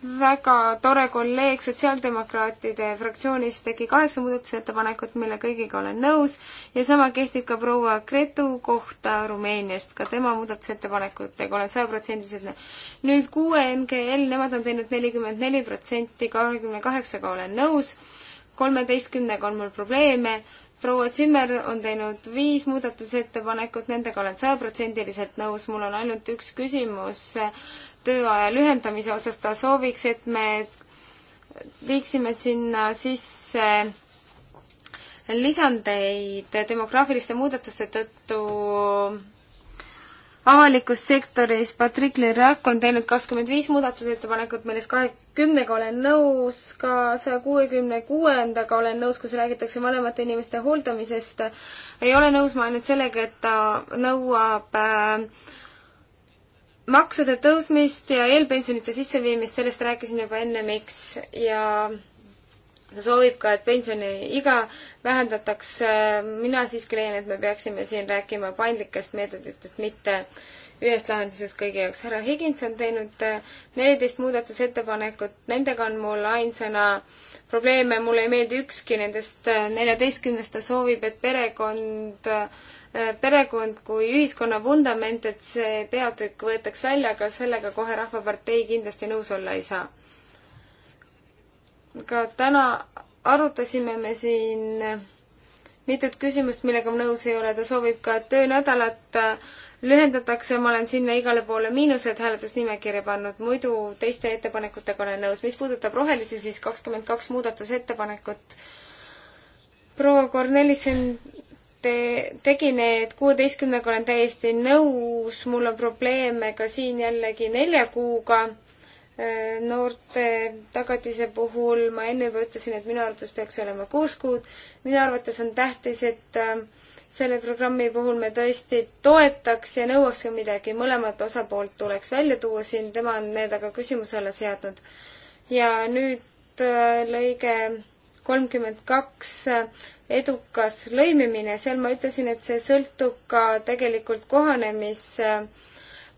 väga tore kolleeg Sotsiaaldemokraatide fraktsioonist tegi kaheksa muudatusettepanekut, mille kõigiga olen nõus ja sama kehtib ka proua Gretu kohta Rumeeniast, ka tema muudatusettepanekutega olen sajaprotsendiliselt nõus. nüüd kuue NGL, nemad on teinud nelikümmend neli protsenti, kahekümne kaheksaga olen nõus, kolmeteistkümnega on mul probleeme, proua Zimmer on teinud viis muudatusettepanekut, nendega olen sajaprotsendiliselt nõus, mul on ainult üks küsimus äh, tööaja lühendamise osas ta sooviks, et me viiksime sinna sisse lisandeid demograafiliste muudatuste tõttu avalikus sektoris Patrick Lerac on teinud kakskümmend viis muudatusettepanekut, millest kahekümnega olen nõus, ka saja kuuekümne kuuendaga olen nõus, kus räägitakse vanemate inimeste hooldamisest. ei ole nõus ma ainult sellega, et ta nõuab äh, maksude tõusmist ja eelpensionite sisseviimist, sellest rääkisin juba enne, miks ja ta soovib ka, et pensioniiga vähendataks. mina siiski leian, et me peaksime siin rääkima paindlikest meetoditest, mitte ühest lahendusest kõigi jaoks. härra Higins on teinud neliteist muudatusettepanekut, nendega on mul ainsana probleeme, mulle ei meeldi ükski nendest neljateistkümnest, ta soovib, et perekond äh, perekond kui ühiskonna vundament, et see peatükk võetaks välja, aga sellega kohe Rahvapartei kindlasti nõus olla ei saa. ka täna arutasime me siin mitut küsimust, millega ma nõus ei ole, ta soovib ka, et töönädalat lühendatakse, ma olen sinna igale poole miinused hääletusnimekirja pannud, muidu teiste ettepanekutega olen nõus. mis puudutab rohelisi, siis kakskümmend kaks muudatusettepanekut. proua Kornelissen te-, tegi need kuueteistkümnega, olen täiesti nõus, mul on probleeme ka siin jällegi nelja kuuga äh, noorte tagatise puhul, ma enne juba ütlesin, et minu arvates peaks olema kuus kuud, minu arvates on tähtis, et äh, selle programmi puhul me tõesti toetaks ja nõuaks ka midagi, mõlemat osapoolt tuleks välja tuua siin, tema on need aga küsimuse alla seadnud. ja nüüd äh, lõige kolmkümmend kaks äh, edukas lõimimine, seal ma ütlesin, et see sõltub ka tegelikult kohanemis-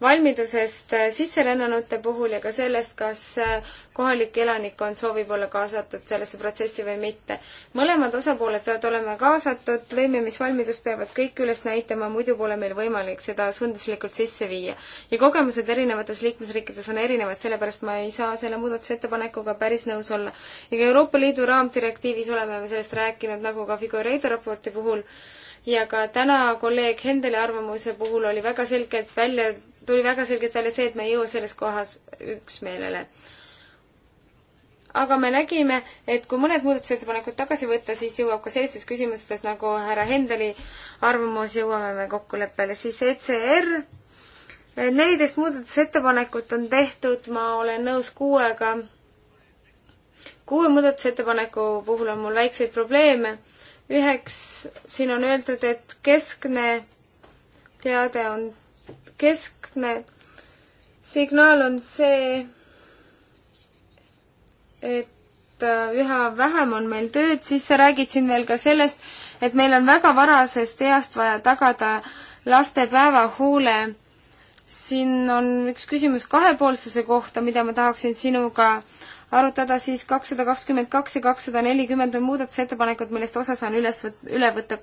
valmidusest äh, sisserännanute puhul ja ka sellest, kas äh, kohalik elanikkond soovib olla kaasatud sellesse protsessi või mitte. mõlemad osapooled peavad olema kaasatud, lõimimisvalmidust peavad kõik üles näitama, muidu pole meil võimalik seda sunduslikult sisse viia. ja kogemused erinevates liikmesriikides on erinevad, sellepärast ma ei saa selle muudatusettepanekuga päris nõus olla. ja ka Euroopa Liidu raamdirektiivis oleme me sellest rääkinud, nagu ka Figureido raporti puhul, ja ka täna kolleeg Hendeli arvamuse puhul oli väga selgelt välja, tuli väga selgelt välja see, et me ei jõua selles kohas üksmeelele. aga me nägime, et kui mõned muudatusettepanekud tagasi võtta, siis jõuab ka sellistes küsimustes nagu härra Hendeli arvamus, jõuame me kokkuleppele. siis ECR, neliteist muudatusettepanekut on tehtud, ma olen nõus kuuega. kuue muudatusettepaneku puhul on mul väikseid probleeme üheks, siin on öeldud, et keskne teade on, keskne signaal on see, et äh, üha vähem on meil tööd, siis sa räägid siin veel ka sellest, et meil on väga varasest east vaja tagada laste päevahuule. siin on üks küsimus kahepoolsuse kohta, mida ma tahaksin sinuga äh, arutada siis kakssada kakskümmend kaks ja kakssada nelikümmend on muudatusettepanekud, millest osa saan üles võt-, üle võtta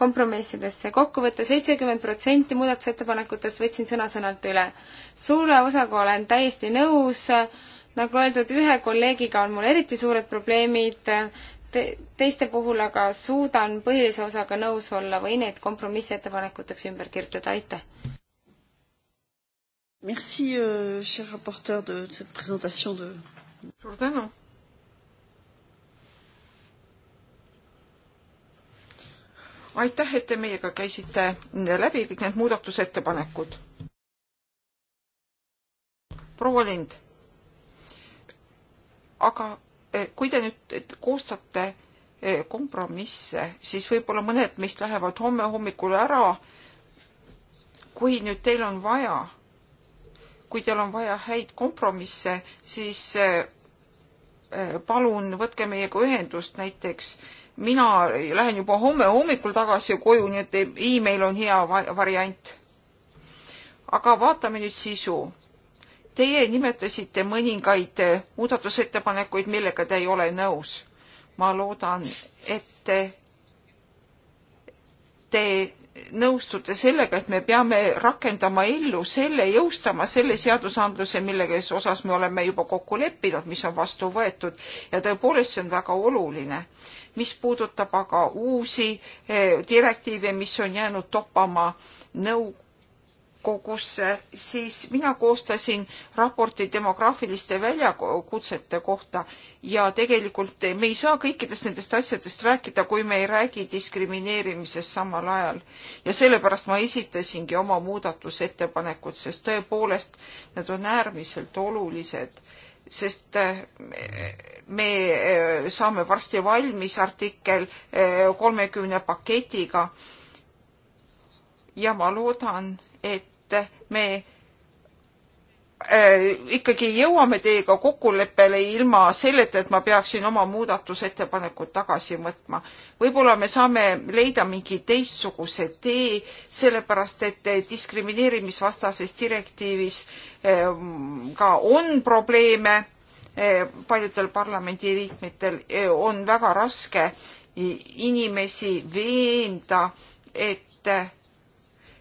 kompromissidesse. kokkuvõte seitsekümmend protsenti muudatusettepanekutest võtsin sõna-sõnalt üle. suure osaga olen täiesti nõus, nagu öeldud, ühe kolleegiga on mul eriti suured probleemid, te-, teiste puhul aga suudan põhilise osaga nõus olla või neid kompromissettepanekuteks ümber kirjutada, aitäh! Merci, euh, cher rapporteur, de, de cette présentation de. suur tänu. aitäh, et te meiega käisite läbi kõik need muudatusettepanekud. proua Lind, aga eh, kui te nüüd koostate eh, kompromisse, siis võib-olla mõned meist lähevad homme hommikul ära. kui nüüd teil on vaja kui teil on vaja häid kompromisse, siis eh, eh, palun võtke meiega ühendust, näiteks mina lähen juba homme hommikul tagasi koju, nii et email on hea variant. aga vaatame nüüd sisu. Teie nimetasite mõningaid eh, muudatusettepanekuid, millega te ei ole nõus. ma loodan, et te nõustuda sellega, et me peame rakendama ellu selle, jõustama selle seadusandluse, milles osas me oleme juba kokku leppinud, mis on vastu võetud ja tõepoolest see on väga oluline. mis puudutab aga uusi eh, direktiive, mis on jäänud toppama nõu-, nõukogusse, siis mina koostasin raporti demograafiliste väljakutsete kohta ja tegelikult me ei saa kõikidest nendest asjadest rääkida, kui me ei räägi diskrimineerimisest samal ajal. ja sellepärast ma esitasingi oma muudatusettepanekud, sest tõepoolest nad on äärmiselt olulised, sest äh, me äh, saame varsti valmis artikkel äh, kolmekümne paketiga ja ma loodan, et et me äh, ikkagi jõuame teiega kokkuleppele ilma selleta, et ma peaksin oma muudatusettepanekud tagasi võtma. võib-olla me saame leida mingi teistsuguse tee, sellepärast et diskrimineerimisvastases direktiivis äh, ka on probleeme, äh, paljudel parlamendiliikmetel on väga raske inimesi veenda, et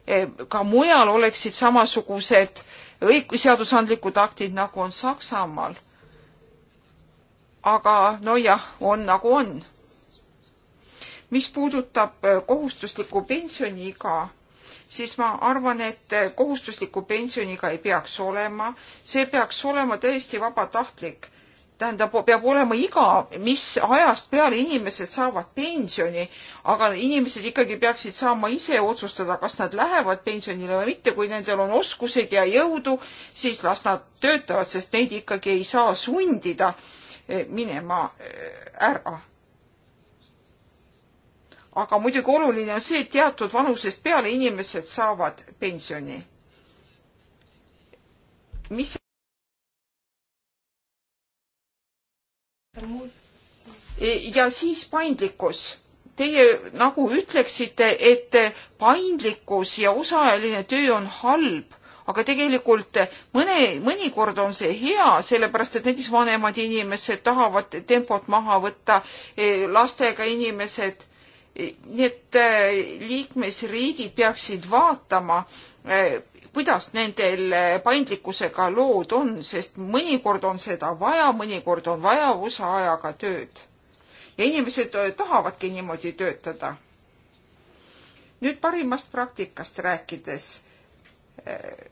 Eh, ka mujal oleksid samasugused õigusseadusandlikud aktid, nagu on Saksamaal. aga nojah, on nagu on. mis puudutab eh, kohustuslikku pensioniiga, siis ma arvan, et eh, kohustuslikku pensioniiga ei peaks olema, see peaks olema täiesti vabatahtlik tähendab, peab olema iga, mis ajast peale inimesed saavad pensioni, aga inimesed ikkagi peaksid saama ise otsustada, kas nad lähevad pensionile või mitte, kui nendel on oskused ja jõudu, siis las nad töötavad, sest neid ikkagi ei saa sundida eh, minema eh, ära. aga muidugi oluline on see, et teatud vanusest peale inimesed saavad pensioni. mis E, ja siis paindlikkus. Teie nagu ütleksite, et paindlikkus ja osaajaline töö on halb, aga tegelikult mõne, mõnikord on see hea, sellepärast et näiteks vanemad inimesed tahavad tempot maha võtta, e, lastega inimesed e, nii et liikmesriigid peaksid vaatama kuidas nendel paindlikkusega lood on, sest mõnikord on seda vaja, mõnikord on vaja osaajaga tööd. ja inimesed äh, tahavadki niimoodi töötada. nüüd parimast praktikast rääkides äh,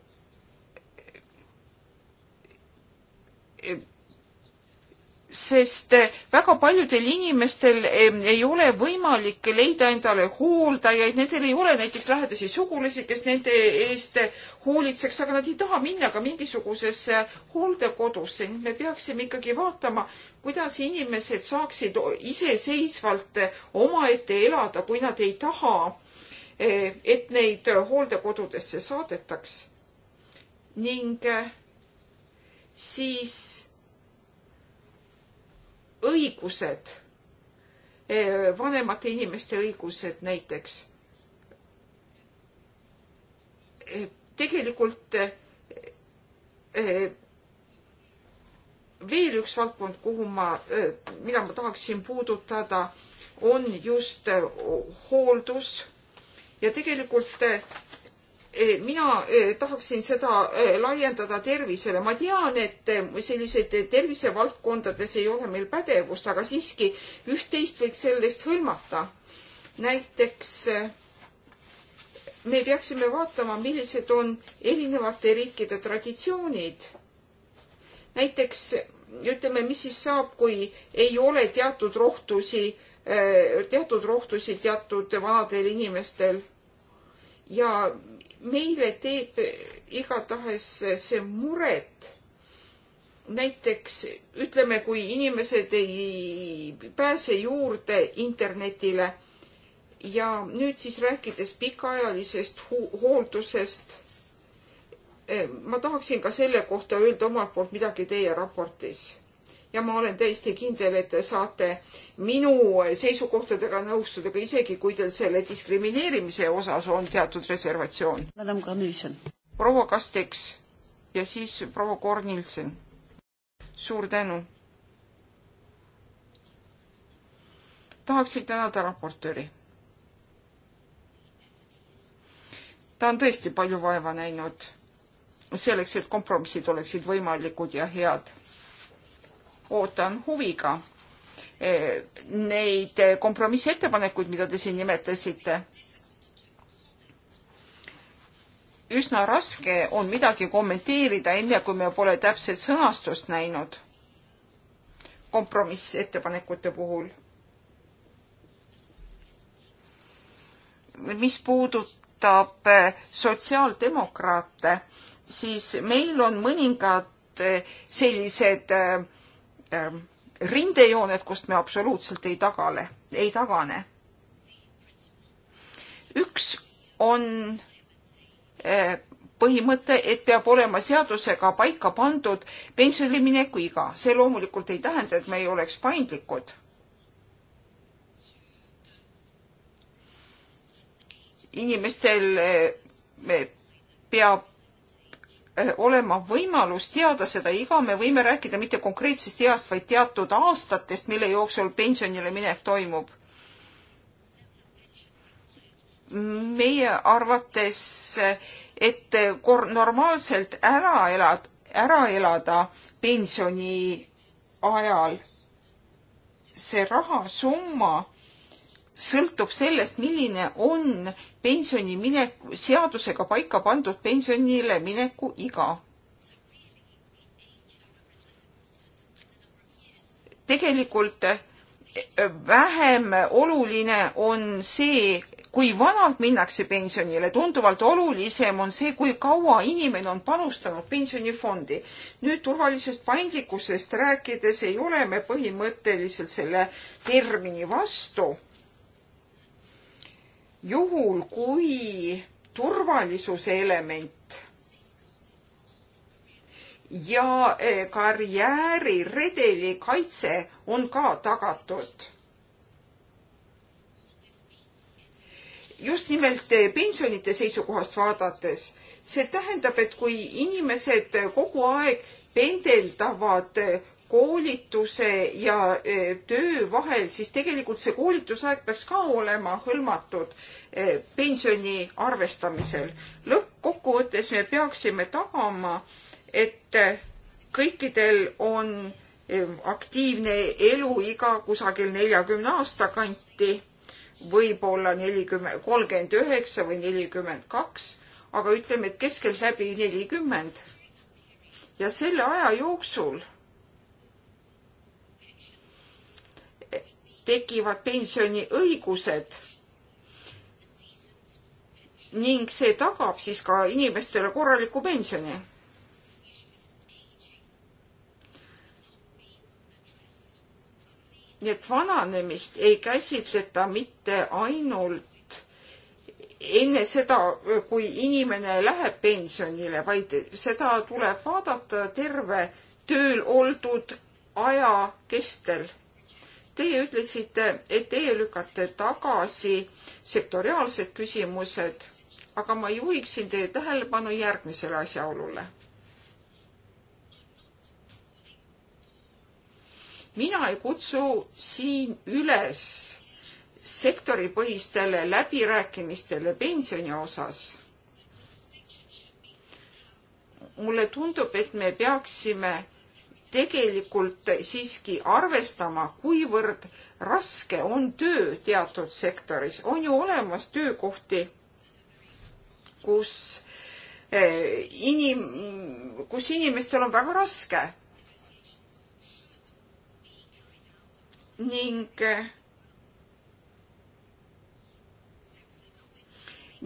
sest väga paljudel inimestel ei ole võimalik leida endale hooldajaid, nendel ei ole näiteks lähedasi sugulasi, kes nende eest hoolitseks, aga nad ei taha minna ka mingisugusesse hooldekodusse, nii et me peaksime ikkagi vaatama, kuidas inimesed saaksid iseseisvalt omaette elada, kui nad ei taha, e, et neid hooldekodudesse saadetaks. ning e, siis õigused, eh, vanemate inimeste õigused näiteks. Eh, tegelikult eh, veel üks valdkond, kuhu ma, mida ma tahaksin puudutada, on just hooldus ja tegelikult Eh, mina eh, tahaksin seda eh, laiendada tervisele. ma tean, et sellised tervisevaldkondades ei ole meil pädevust, aga siiski üht-teist võiks sellest hõlmata. näiteks me peaksime vaatama, millised on erinevate riikide traditsioonid. näiteks ütleme, mis siis saab, kui ei ole teatud rohtusi, teatud rohtusi teatud vanadel inimestel ja meile teeb igatahes see muret. näiteks ütleme, kui inimesed ei pääse juurde internetile ja nüüd siis rääkides pikaajalisest hooldusest, eh, ma tahaksin ka selle kohta öelda omalt poolt midagi teie raportis ja ma olen täiesti kindel, et te saate minu seisukohtadega nõustuda ka isegi, kui teil selle diskrimineerimise osas on teatud reservatsioon. proua Kasteks ja siis proua Kornilsen. suur tänu. tahaksin tänada raportööri. ta on tõesti palju vaeva näinud selleks, et kompromissid oleksid võimalikud ja head ootan huviga eh, neid kompromissettepanekuid, mida te siin nimetasite. üsna raske on midagi kommenteerida, enne kui me pole täpset sõnastust näinud kompromissettepanekute puhul. mis puudutab eh, sotsiaaldemokraate, siis meil on mõningad eh, sellised äh, Ähm, rindejooned, kust me absoluutselt ei tagale, ei tagane. üks on äh, põhimõte, et peab olema seadusega paika pandud pensionile mineku iga. see loomulikult ei tähenda, et me ei oleks paindlikud. inimestel äh, peab Äh, olema võimalus teada seda iga, me võime rääkida mitte konkreetsest east, vaid teatud aastatest, mille jooksul pensionile minek toimub. meie arvates, et kor-, normaalselt ära elad, ära elada pensioni ajal, see rahasumma sõltub sellest, milline on pensioni mineku, seadusega paika pandud pensionile mineku iga. tegelikult eh, vähem oluline on see, kui vanalt minnakse pensionile, tunduvalt olulisem on see, kui kaua inimene on panustanud pensionifondi. nüüd turvalisest paindlikkusest rääkides ei ole me põhimõtteliselt selle termini vastu juhul, kui turvalisuse element ja eh, karjääriredeli kaitse on ka tagatud. just nimelt eh, pensionite seisukohast vaadates, see tähendab, et kui inimesed eh, kogu aeg pendeldavad koolituse ja e, töö vahel, siis tegelikult see koolitusaeg peaks ka olema hõlmatud e, pensioni arvestamisel. lõppkokkuvõttes me peaksime tagama, et e, kõikidel on aktiivne eluiga kusagil neljakümne aasta kanti, võib-olla nelikümmend, kolmkümmend üheksa või nelikümmend kaks, aga ütleme, et keskeltläbi nelikümmend. ja selle aja jooksul tekivad pensioniõigused ning see tagab siis ka inimestele korraliku pensioni. nii et vananemist ei käsitleta mitte ainult enne seda, kui inimene läheb pensionile, vaid seda tuleb vaadata terve tööl oldud aja kestel Teie ütlesite, et teie lükkate tagasi sektoriaalsed küsimused, aga ma juhiksin teie tähelepanu järgmisele asjaolule. mina ei kutsu siin üles sektoripõhistele läbirääkimistele pensioni osas. mulle tundub, et me peaksime tegelikult siiski arvestama, kuivõrd raske on töö teatud sektoris. on ju olemas töökohti, kus eh, inim-, kus inimestel on väga raske. ning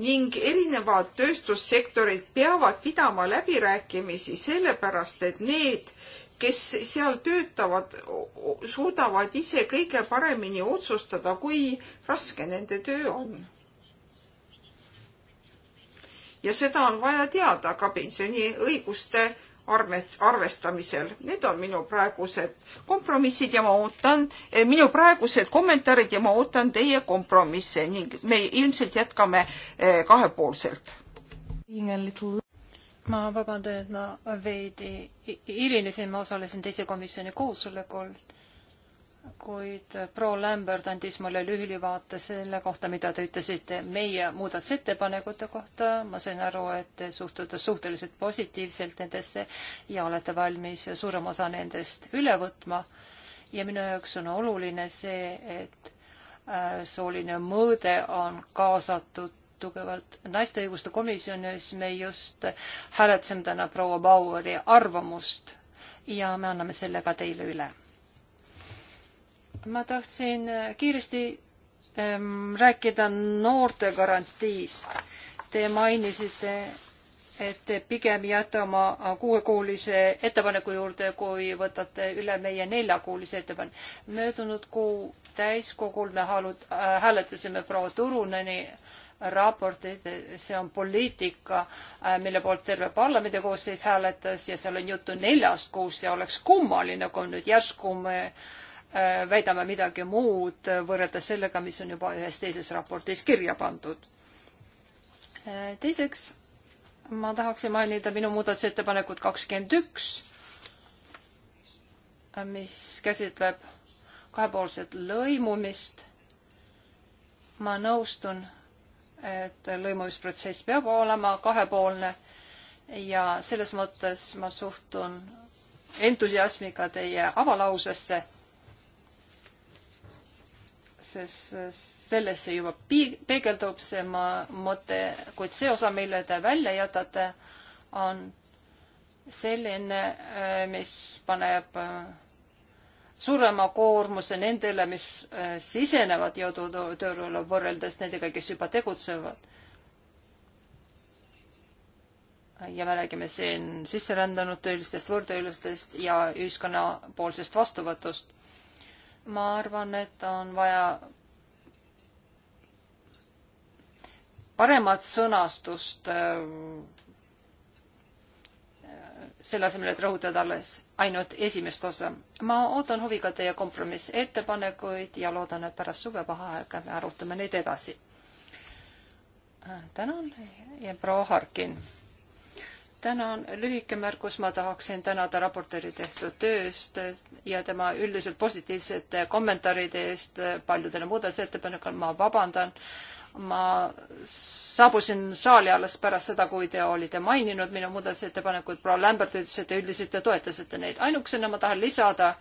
ning erinevad tööstussektorid peavad pidama läbirääkimisi sellepärast, et need kes seal töötavad, suudavad ise kõige paremini otsustada, kui raske nende töö on. ja seda on vaja teada ka pensioniõiguste arvet, arvestamisel. Need on minu praegused kompromissid ja ma ootan, eh, minu praegused kommentaarid ja ma ootan teie kompromisse ning me ilmselt jätkame eh, kahepoolselt ma vabandan, et ma veidi hilinesin, ma osalesin teise komisjoni koosolekul, kuid proua Lambert andis mulle lühilivaate selle kohta, mida te ütlesite meie muudatusettepanekute kohta. ma sain aru, et te suhtute suhteliselt positiivselt nendesse ja olete valmis suurem osa nendest üle võtma. ja minu jaoks on oluline see, et äh, sooline mõõde on kaasatud tugevalt naiste õiguste komisjonis me just hääletasime täna proua Baueri arvamust ja me anname selle ka teile üle. ma tahtsin äh, kiiresti ähm, rääkida noorte garantiist. Te mainisite et pigem jääte oma kuuekuulise ettepaneku juurde, kui võtate üle meie neljakuulise ettepaneku. möödunud kuu täiskogul me äh, hääletasime proua Turuneni äh, raportid, see on poliitika, äh, mille poolt terve parlamendi koosseis hääletas ja seal on juttu neljast kuust ja oleks kummaline, kui nüüd järsku me äh, väidame midagi muud võrreldes sellega, mis on juba ühes teises raportis kirja pandud. Äh, teiseks ma tahaksin mainida minu muudatusettepanekut kakskümmend üks, mis käsitleb kahepoolset lõimumist. ma nõustun et lõimumisprotsess peab olema kahepoolne ja selles mõttes ma suhtun entusiasmiga teie avalausesse, sest sellesse juba peegeldub see mõte, kuid see osa, mille te välja jätate, on selline, mis paneb suurema koormuse nende üle, mis äh, sisenevad jõudutööle võrreldes nendega, kes juba tegutsevad. ja me räägime siin sisserändanud töölistest, võõrtöölistest ja ühiskonnapoolsest vastuvõtust. ma arvan, et on vaja paremat sõnastust äh, selle asemel, et rõhutada alles ainult esimest osa. ma ootan huviga teie kompromissettepanekuid ja loodan, et pärast suvevaheaega me arutame neid edasi. Äh, tänan ja proua Harkin. tänan, lühike märkus, ma tahaksin tänada raportööri tehtud tööst ja tema üldiselt positiivsete kommentaaride eest paljudele muudatusettepanekule, ma vabandan äh, ma saabusin saali alles pärast seda, kui te olite maininud minu muudatusettepanekuid, proua Lämbert ütles, et te üldiselt te toetasite neid. ainukesena ma tahan lisada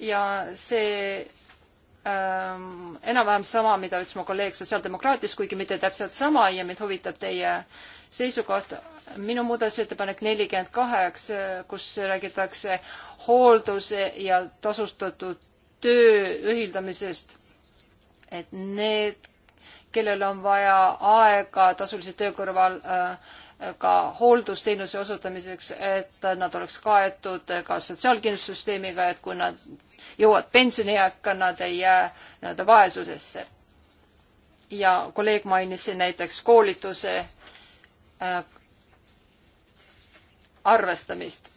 ja see ähm, enam-vähem sama, mida ütles mu kolleeg Sotsiaaldemokraatist, kuigi mitte täpselt sama ja mind huvitab teie seisukoht. minu muudatusettepanek nelikümmend kaheksa, kus räägitakse hoolduse ja tasustatud töö ühildamisest, et need kellel on vaja aega tasulise töö kõrval äh, ka hooldusteenuse osutamiseks, et nad oleks kaetud ka sotsiaalkindlustussüsteemiga, et kui nad jõuavad pensionieaka, nad ei jää nii-öelda vaesusesse. ja kolleeg mainis siin näiteks koolituse äh, arvestamist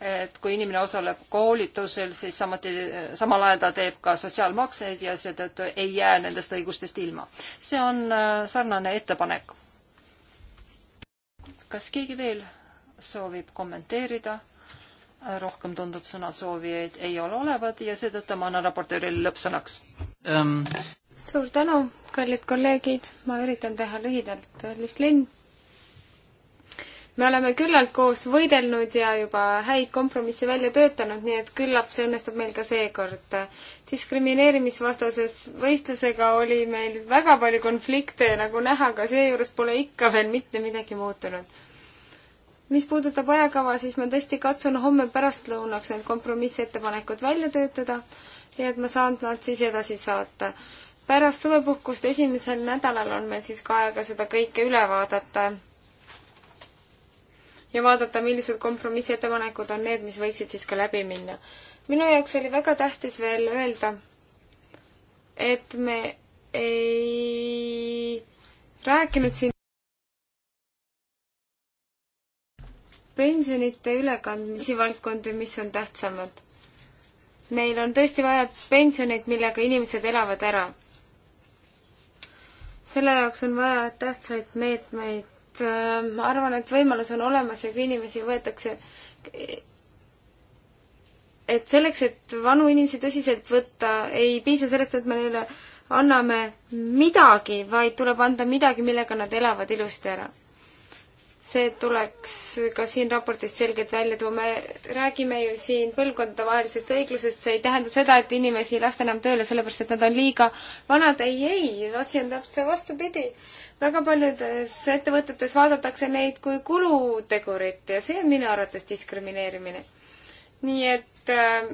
et kui inimene osaleb koolitusel, siis samuti, samal ajal ta teeb ka sotsiaalmakseid ja seetõttu ei jää nendest õigustest ilma. see on äh, sarnane ettepanek. kas keegi veel soovib kommenteerida? rohkem tundub sõnasoovijaid ei ole olevat ja seetõttu ma annan raportöörile lõppsõnaks um.. suur tänu, kallid kolleegid, ma üritan teha lühidalt. Liis Lind me oleme küllalt koos võidelnud ja juba häid kompromisse välja töötanud, nii et küllap see õnnestub meil ka seekord. diskrimineerimisvastases võistlusega oli meil väga palju konflikte ja nagu näha, ka seejuures pole ikka veel mitte midagi muutunud. mis puudutab ajakava, siis ma tõesti katsun homme pärastlõunaks need kompromissettepanekud välja töötada ja et ma saan nad siis edasi saata pärast suvepuhkust esimesel nädalal on meil siis ka aega seda kõike üle vaadata ja vaadata, millised kompromissettepanekud on need, mis võiksid siis ka läbi minna. minu jaoks oli väga tähtis veel öelda, et me ei rääkinud siin pensionite ülekandmisi valdkondi, mis on tähtsamad. meil on tõesti vaja pensioneid, millega inimesed elavad ära. selle jaoks on vaja tähtsaid meetmeid, et ähm, ma arvan, et võimalus on olemas ja kui inimesi võetakse, et selleks, et vanu inimesi tõsiselt võtta, ei piisa sellest, et me neile anname midagi, vaid tuleb anda midagi, millega nad elavad ilusti ära see tuleks ka siin raportis selgelt välja tuua, me räägime ju siin põlvkondadevahelisest õiglusest, see ei tähenda seda, et inimesi ei lasta enam tööle sellepärast, et nad on liiga vanad, ei, ei, asi on täpselt vastupidi. väga paljudes ettevõtetes vaadatakse neid kui kulutegurit ja see on minu arvates diskrimineerimine. nii et äh,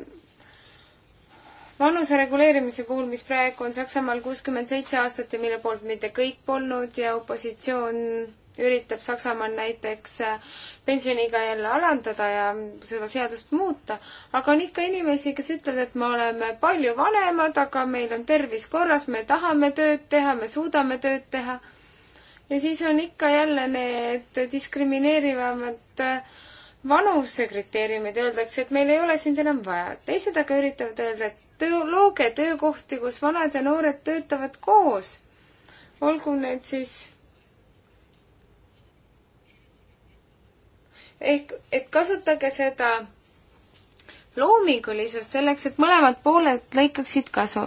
vanuse reguleerimise puhul, mis praegu on Saksamaal kuuskümmend seitse aastat ja mille poolt mitte kõik polnud ja opositsioon üritab Saksamaal näiteks äh, pensioniiga jälle alandada ja seda seadust muuta, aga on ikka inimesi, kes ütlevad, et me oleme palju vanemad, aga meil on tervis korras, me tahame tööd teha, me suudame tööd teha. ja siis on ikka jälle need diskrimineerivamad äh, vanusekriteeriumid, öeldakse, et meil ei ole sind enam vaja. teised aga üritavad öelda, et töö, looge töökohti, kus vanad ja noored töötavad koos. olgu need siis ehk et kasutage seda loomingulisust selleks, et mõlemad pooled lõikaksid kasu.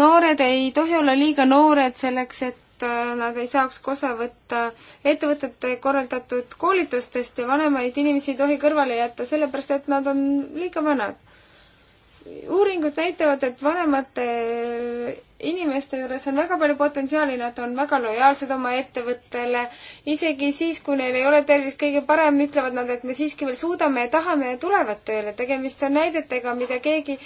noored ei tohi olla liiga noored selleks, et äh, nad ei saaks osa võtta ettevõtete korraldatud koolitustest ja vanemaid inimesi ei tohi kõrvale jätta, sellepärast et nad on liiga vanad uuringud näitavad, et vanemate äh, inimeste juures on väga palju potentsiaali, nad on väga lojaalsed oma ettevõttele, isegi siis, kui neil ei ole tervis kõige parem, ütlevad nad, et me siiski veel suudame ja tahame ja tulevad tööle. tegemist on näidetega, mida keegi,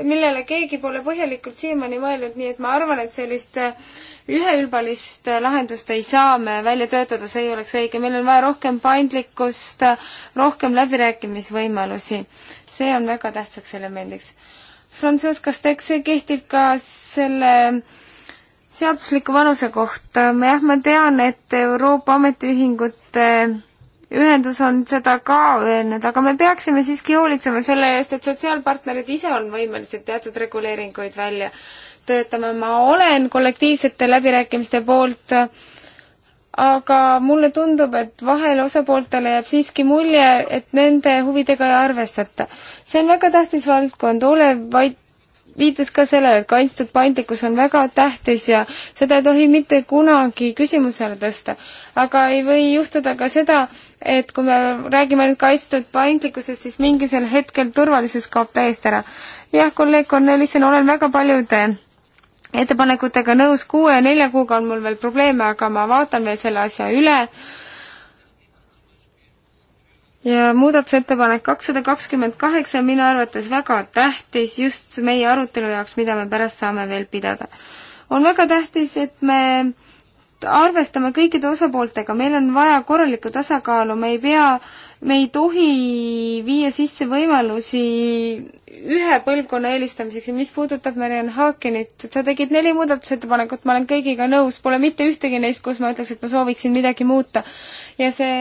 millele keegi pole põhjalikult siiamaani mõelnud, nii et ma arvan, et sellist äh, üheülbalist äh, lahendust ei saa me välja töötada, see ei oleks õige. meil on vaja rohkem paindlikkust, rohkem läbirääkimisvõimalusi see on väga tähtsaks elemendiks. Frances, kas te, eks see kehtib ka selle seadusliku vanuse kohta, jah, ma tean, et Euroopa Ametiühingute ühendus on seda ka öelnud, aga me peaksime siiski hoolitsema selle eest, et sotsiaalpartnerid ise on võimelised teatud reguleeringuid välja töötama, ma olen kollektiivsete läbirääkimiste poolt äh, aga mulle tundub, et vahel osapooltele jääb siiski mulje, et nende huvidega ei arvestata. see on väga tähtis valdkond, ole vaid viitas ka sellele, et kaitstud paindlikkus on väga tähtis ja seda ei tohi mitte kunagi küsimusele tõsta. aga ei või juhtuda ka seda, et kui me räägime nüüd kaitstud paindlikkusest, siis mingisel hetkel turvalisus kaob täiesti ära. jah, kolleeg Kornelissen, olen väga paljude ettepanekutega nõus, kuue ja nelja kuuga on mul veel probleeme, aga ma vaatan veel selle asja üle. ja muudatusettepanek kakssada kakskümmend kaheksa on minu arvates väga tähtis just meie arutelu jaoks, mida me pärast saame veel pidada. on väga tähtis, et me arvestame kõikide osapooltega, meil on vaja korralikku tasakaalu, me ei pea, me ei tohi viia sisse võimalusi ühe põlvkonna eelistamiseks ja mis puudutab Marianne Haakenit, sa tegid neli muudatusettepanekut, ma olen kõigiga nõus, pole mitte ühtegi neist, kus ma ütleks, et ma sooviksin midagi muuta. ja see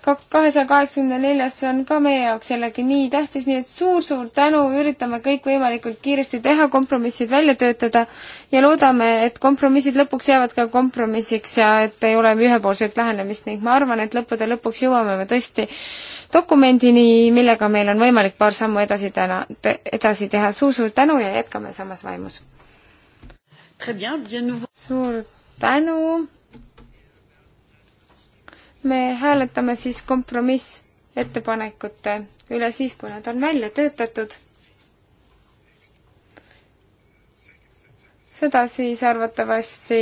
kahesaja kaheksakümne neljas, see on ka meie jaoks jällegi nii tähtis, nii et suur-suur tänu, üritame kõik võimalikult kiiresti teha, kompromissid välja töötada ja loodame, et kompromissid lõpuks jäävad ka kompromissiks ja et ei ole ühepoolset lähenemist ning ma arvan, et lõppude lõpuks jõuame me tõesti dokumendini, millega meil on võimalik paar sammu edasi täna te,, edasi teha suur,. suur-suur tänu ja jätkame samas vaimus. suur tänu. me hääletame siis kompromissettepanekute üle siis, kui nad on välja töötatud seda siis arvatavasti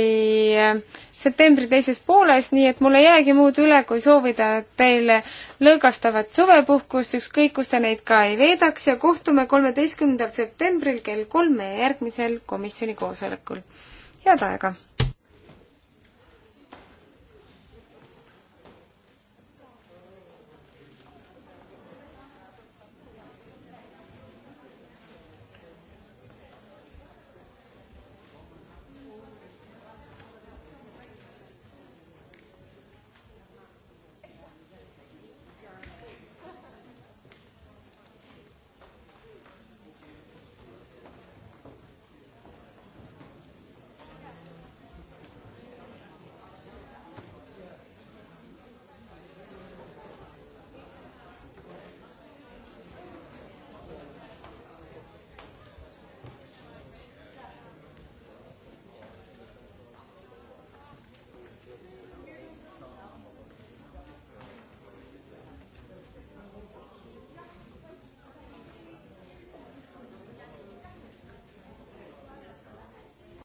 äh, septembri teises pooles, nii et mul ei jäägi muud üle, kui soovida teile lõõgastavat suvepuhkust, ükskõik kus te neid ka ei veedaks ja kohtume kolmeteistkümnendal septembril kell kolm meie järgmisel komisjoni koosolekul. head aega!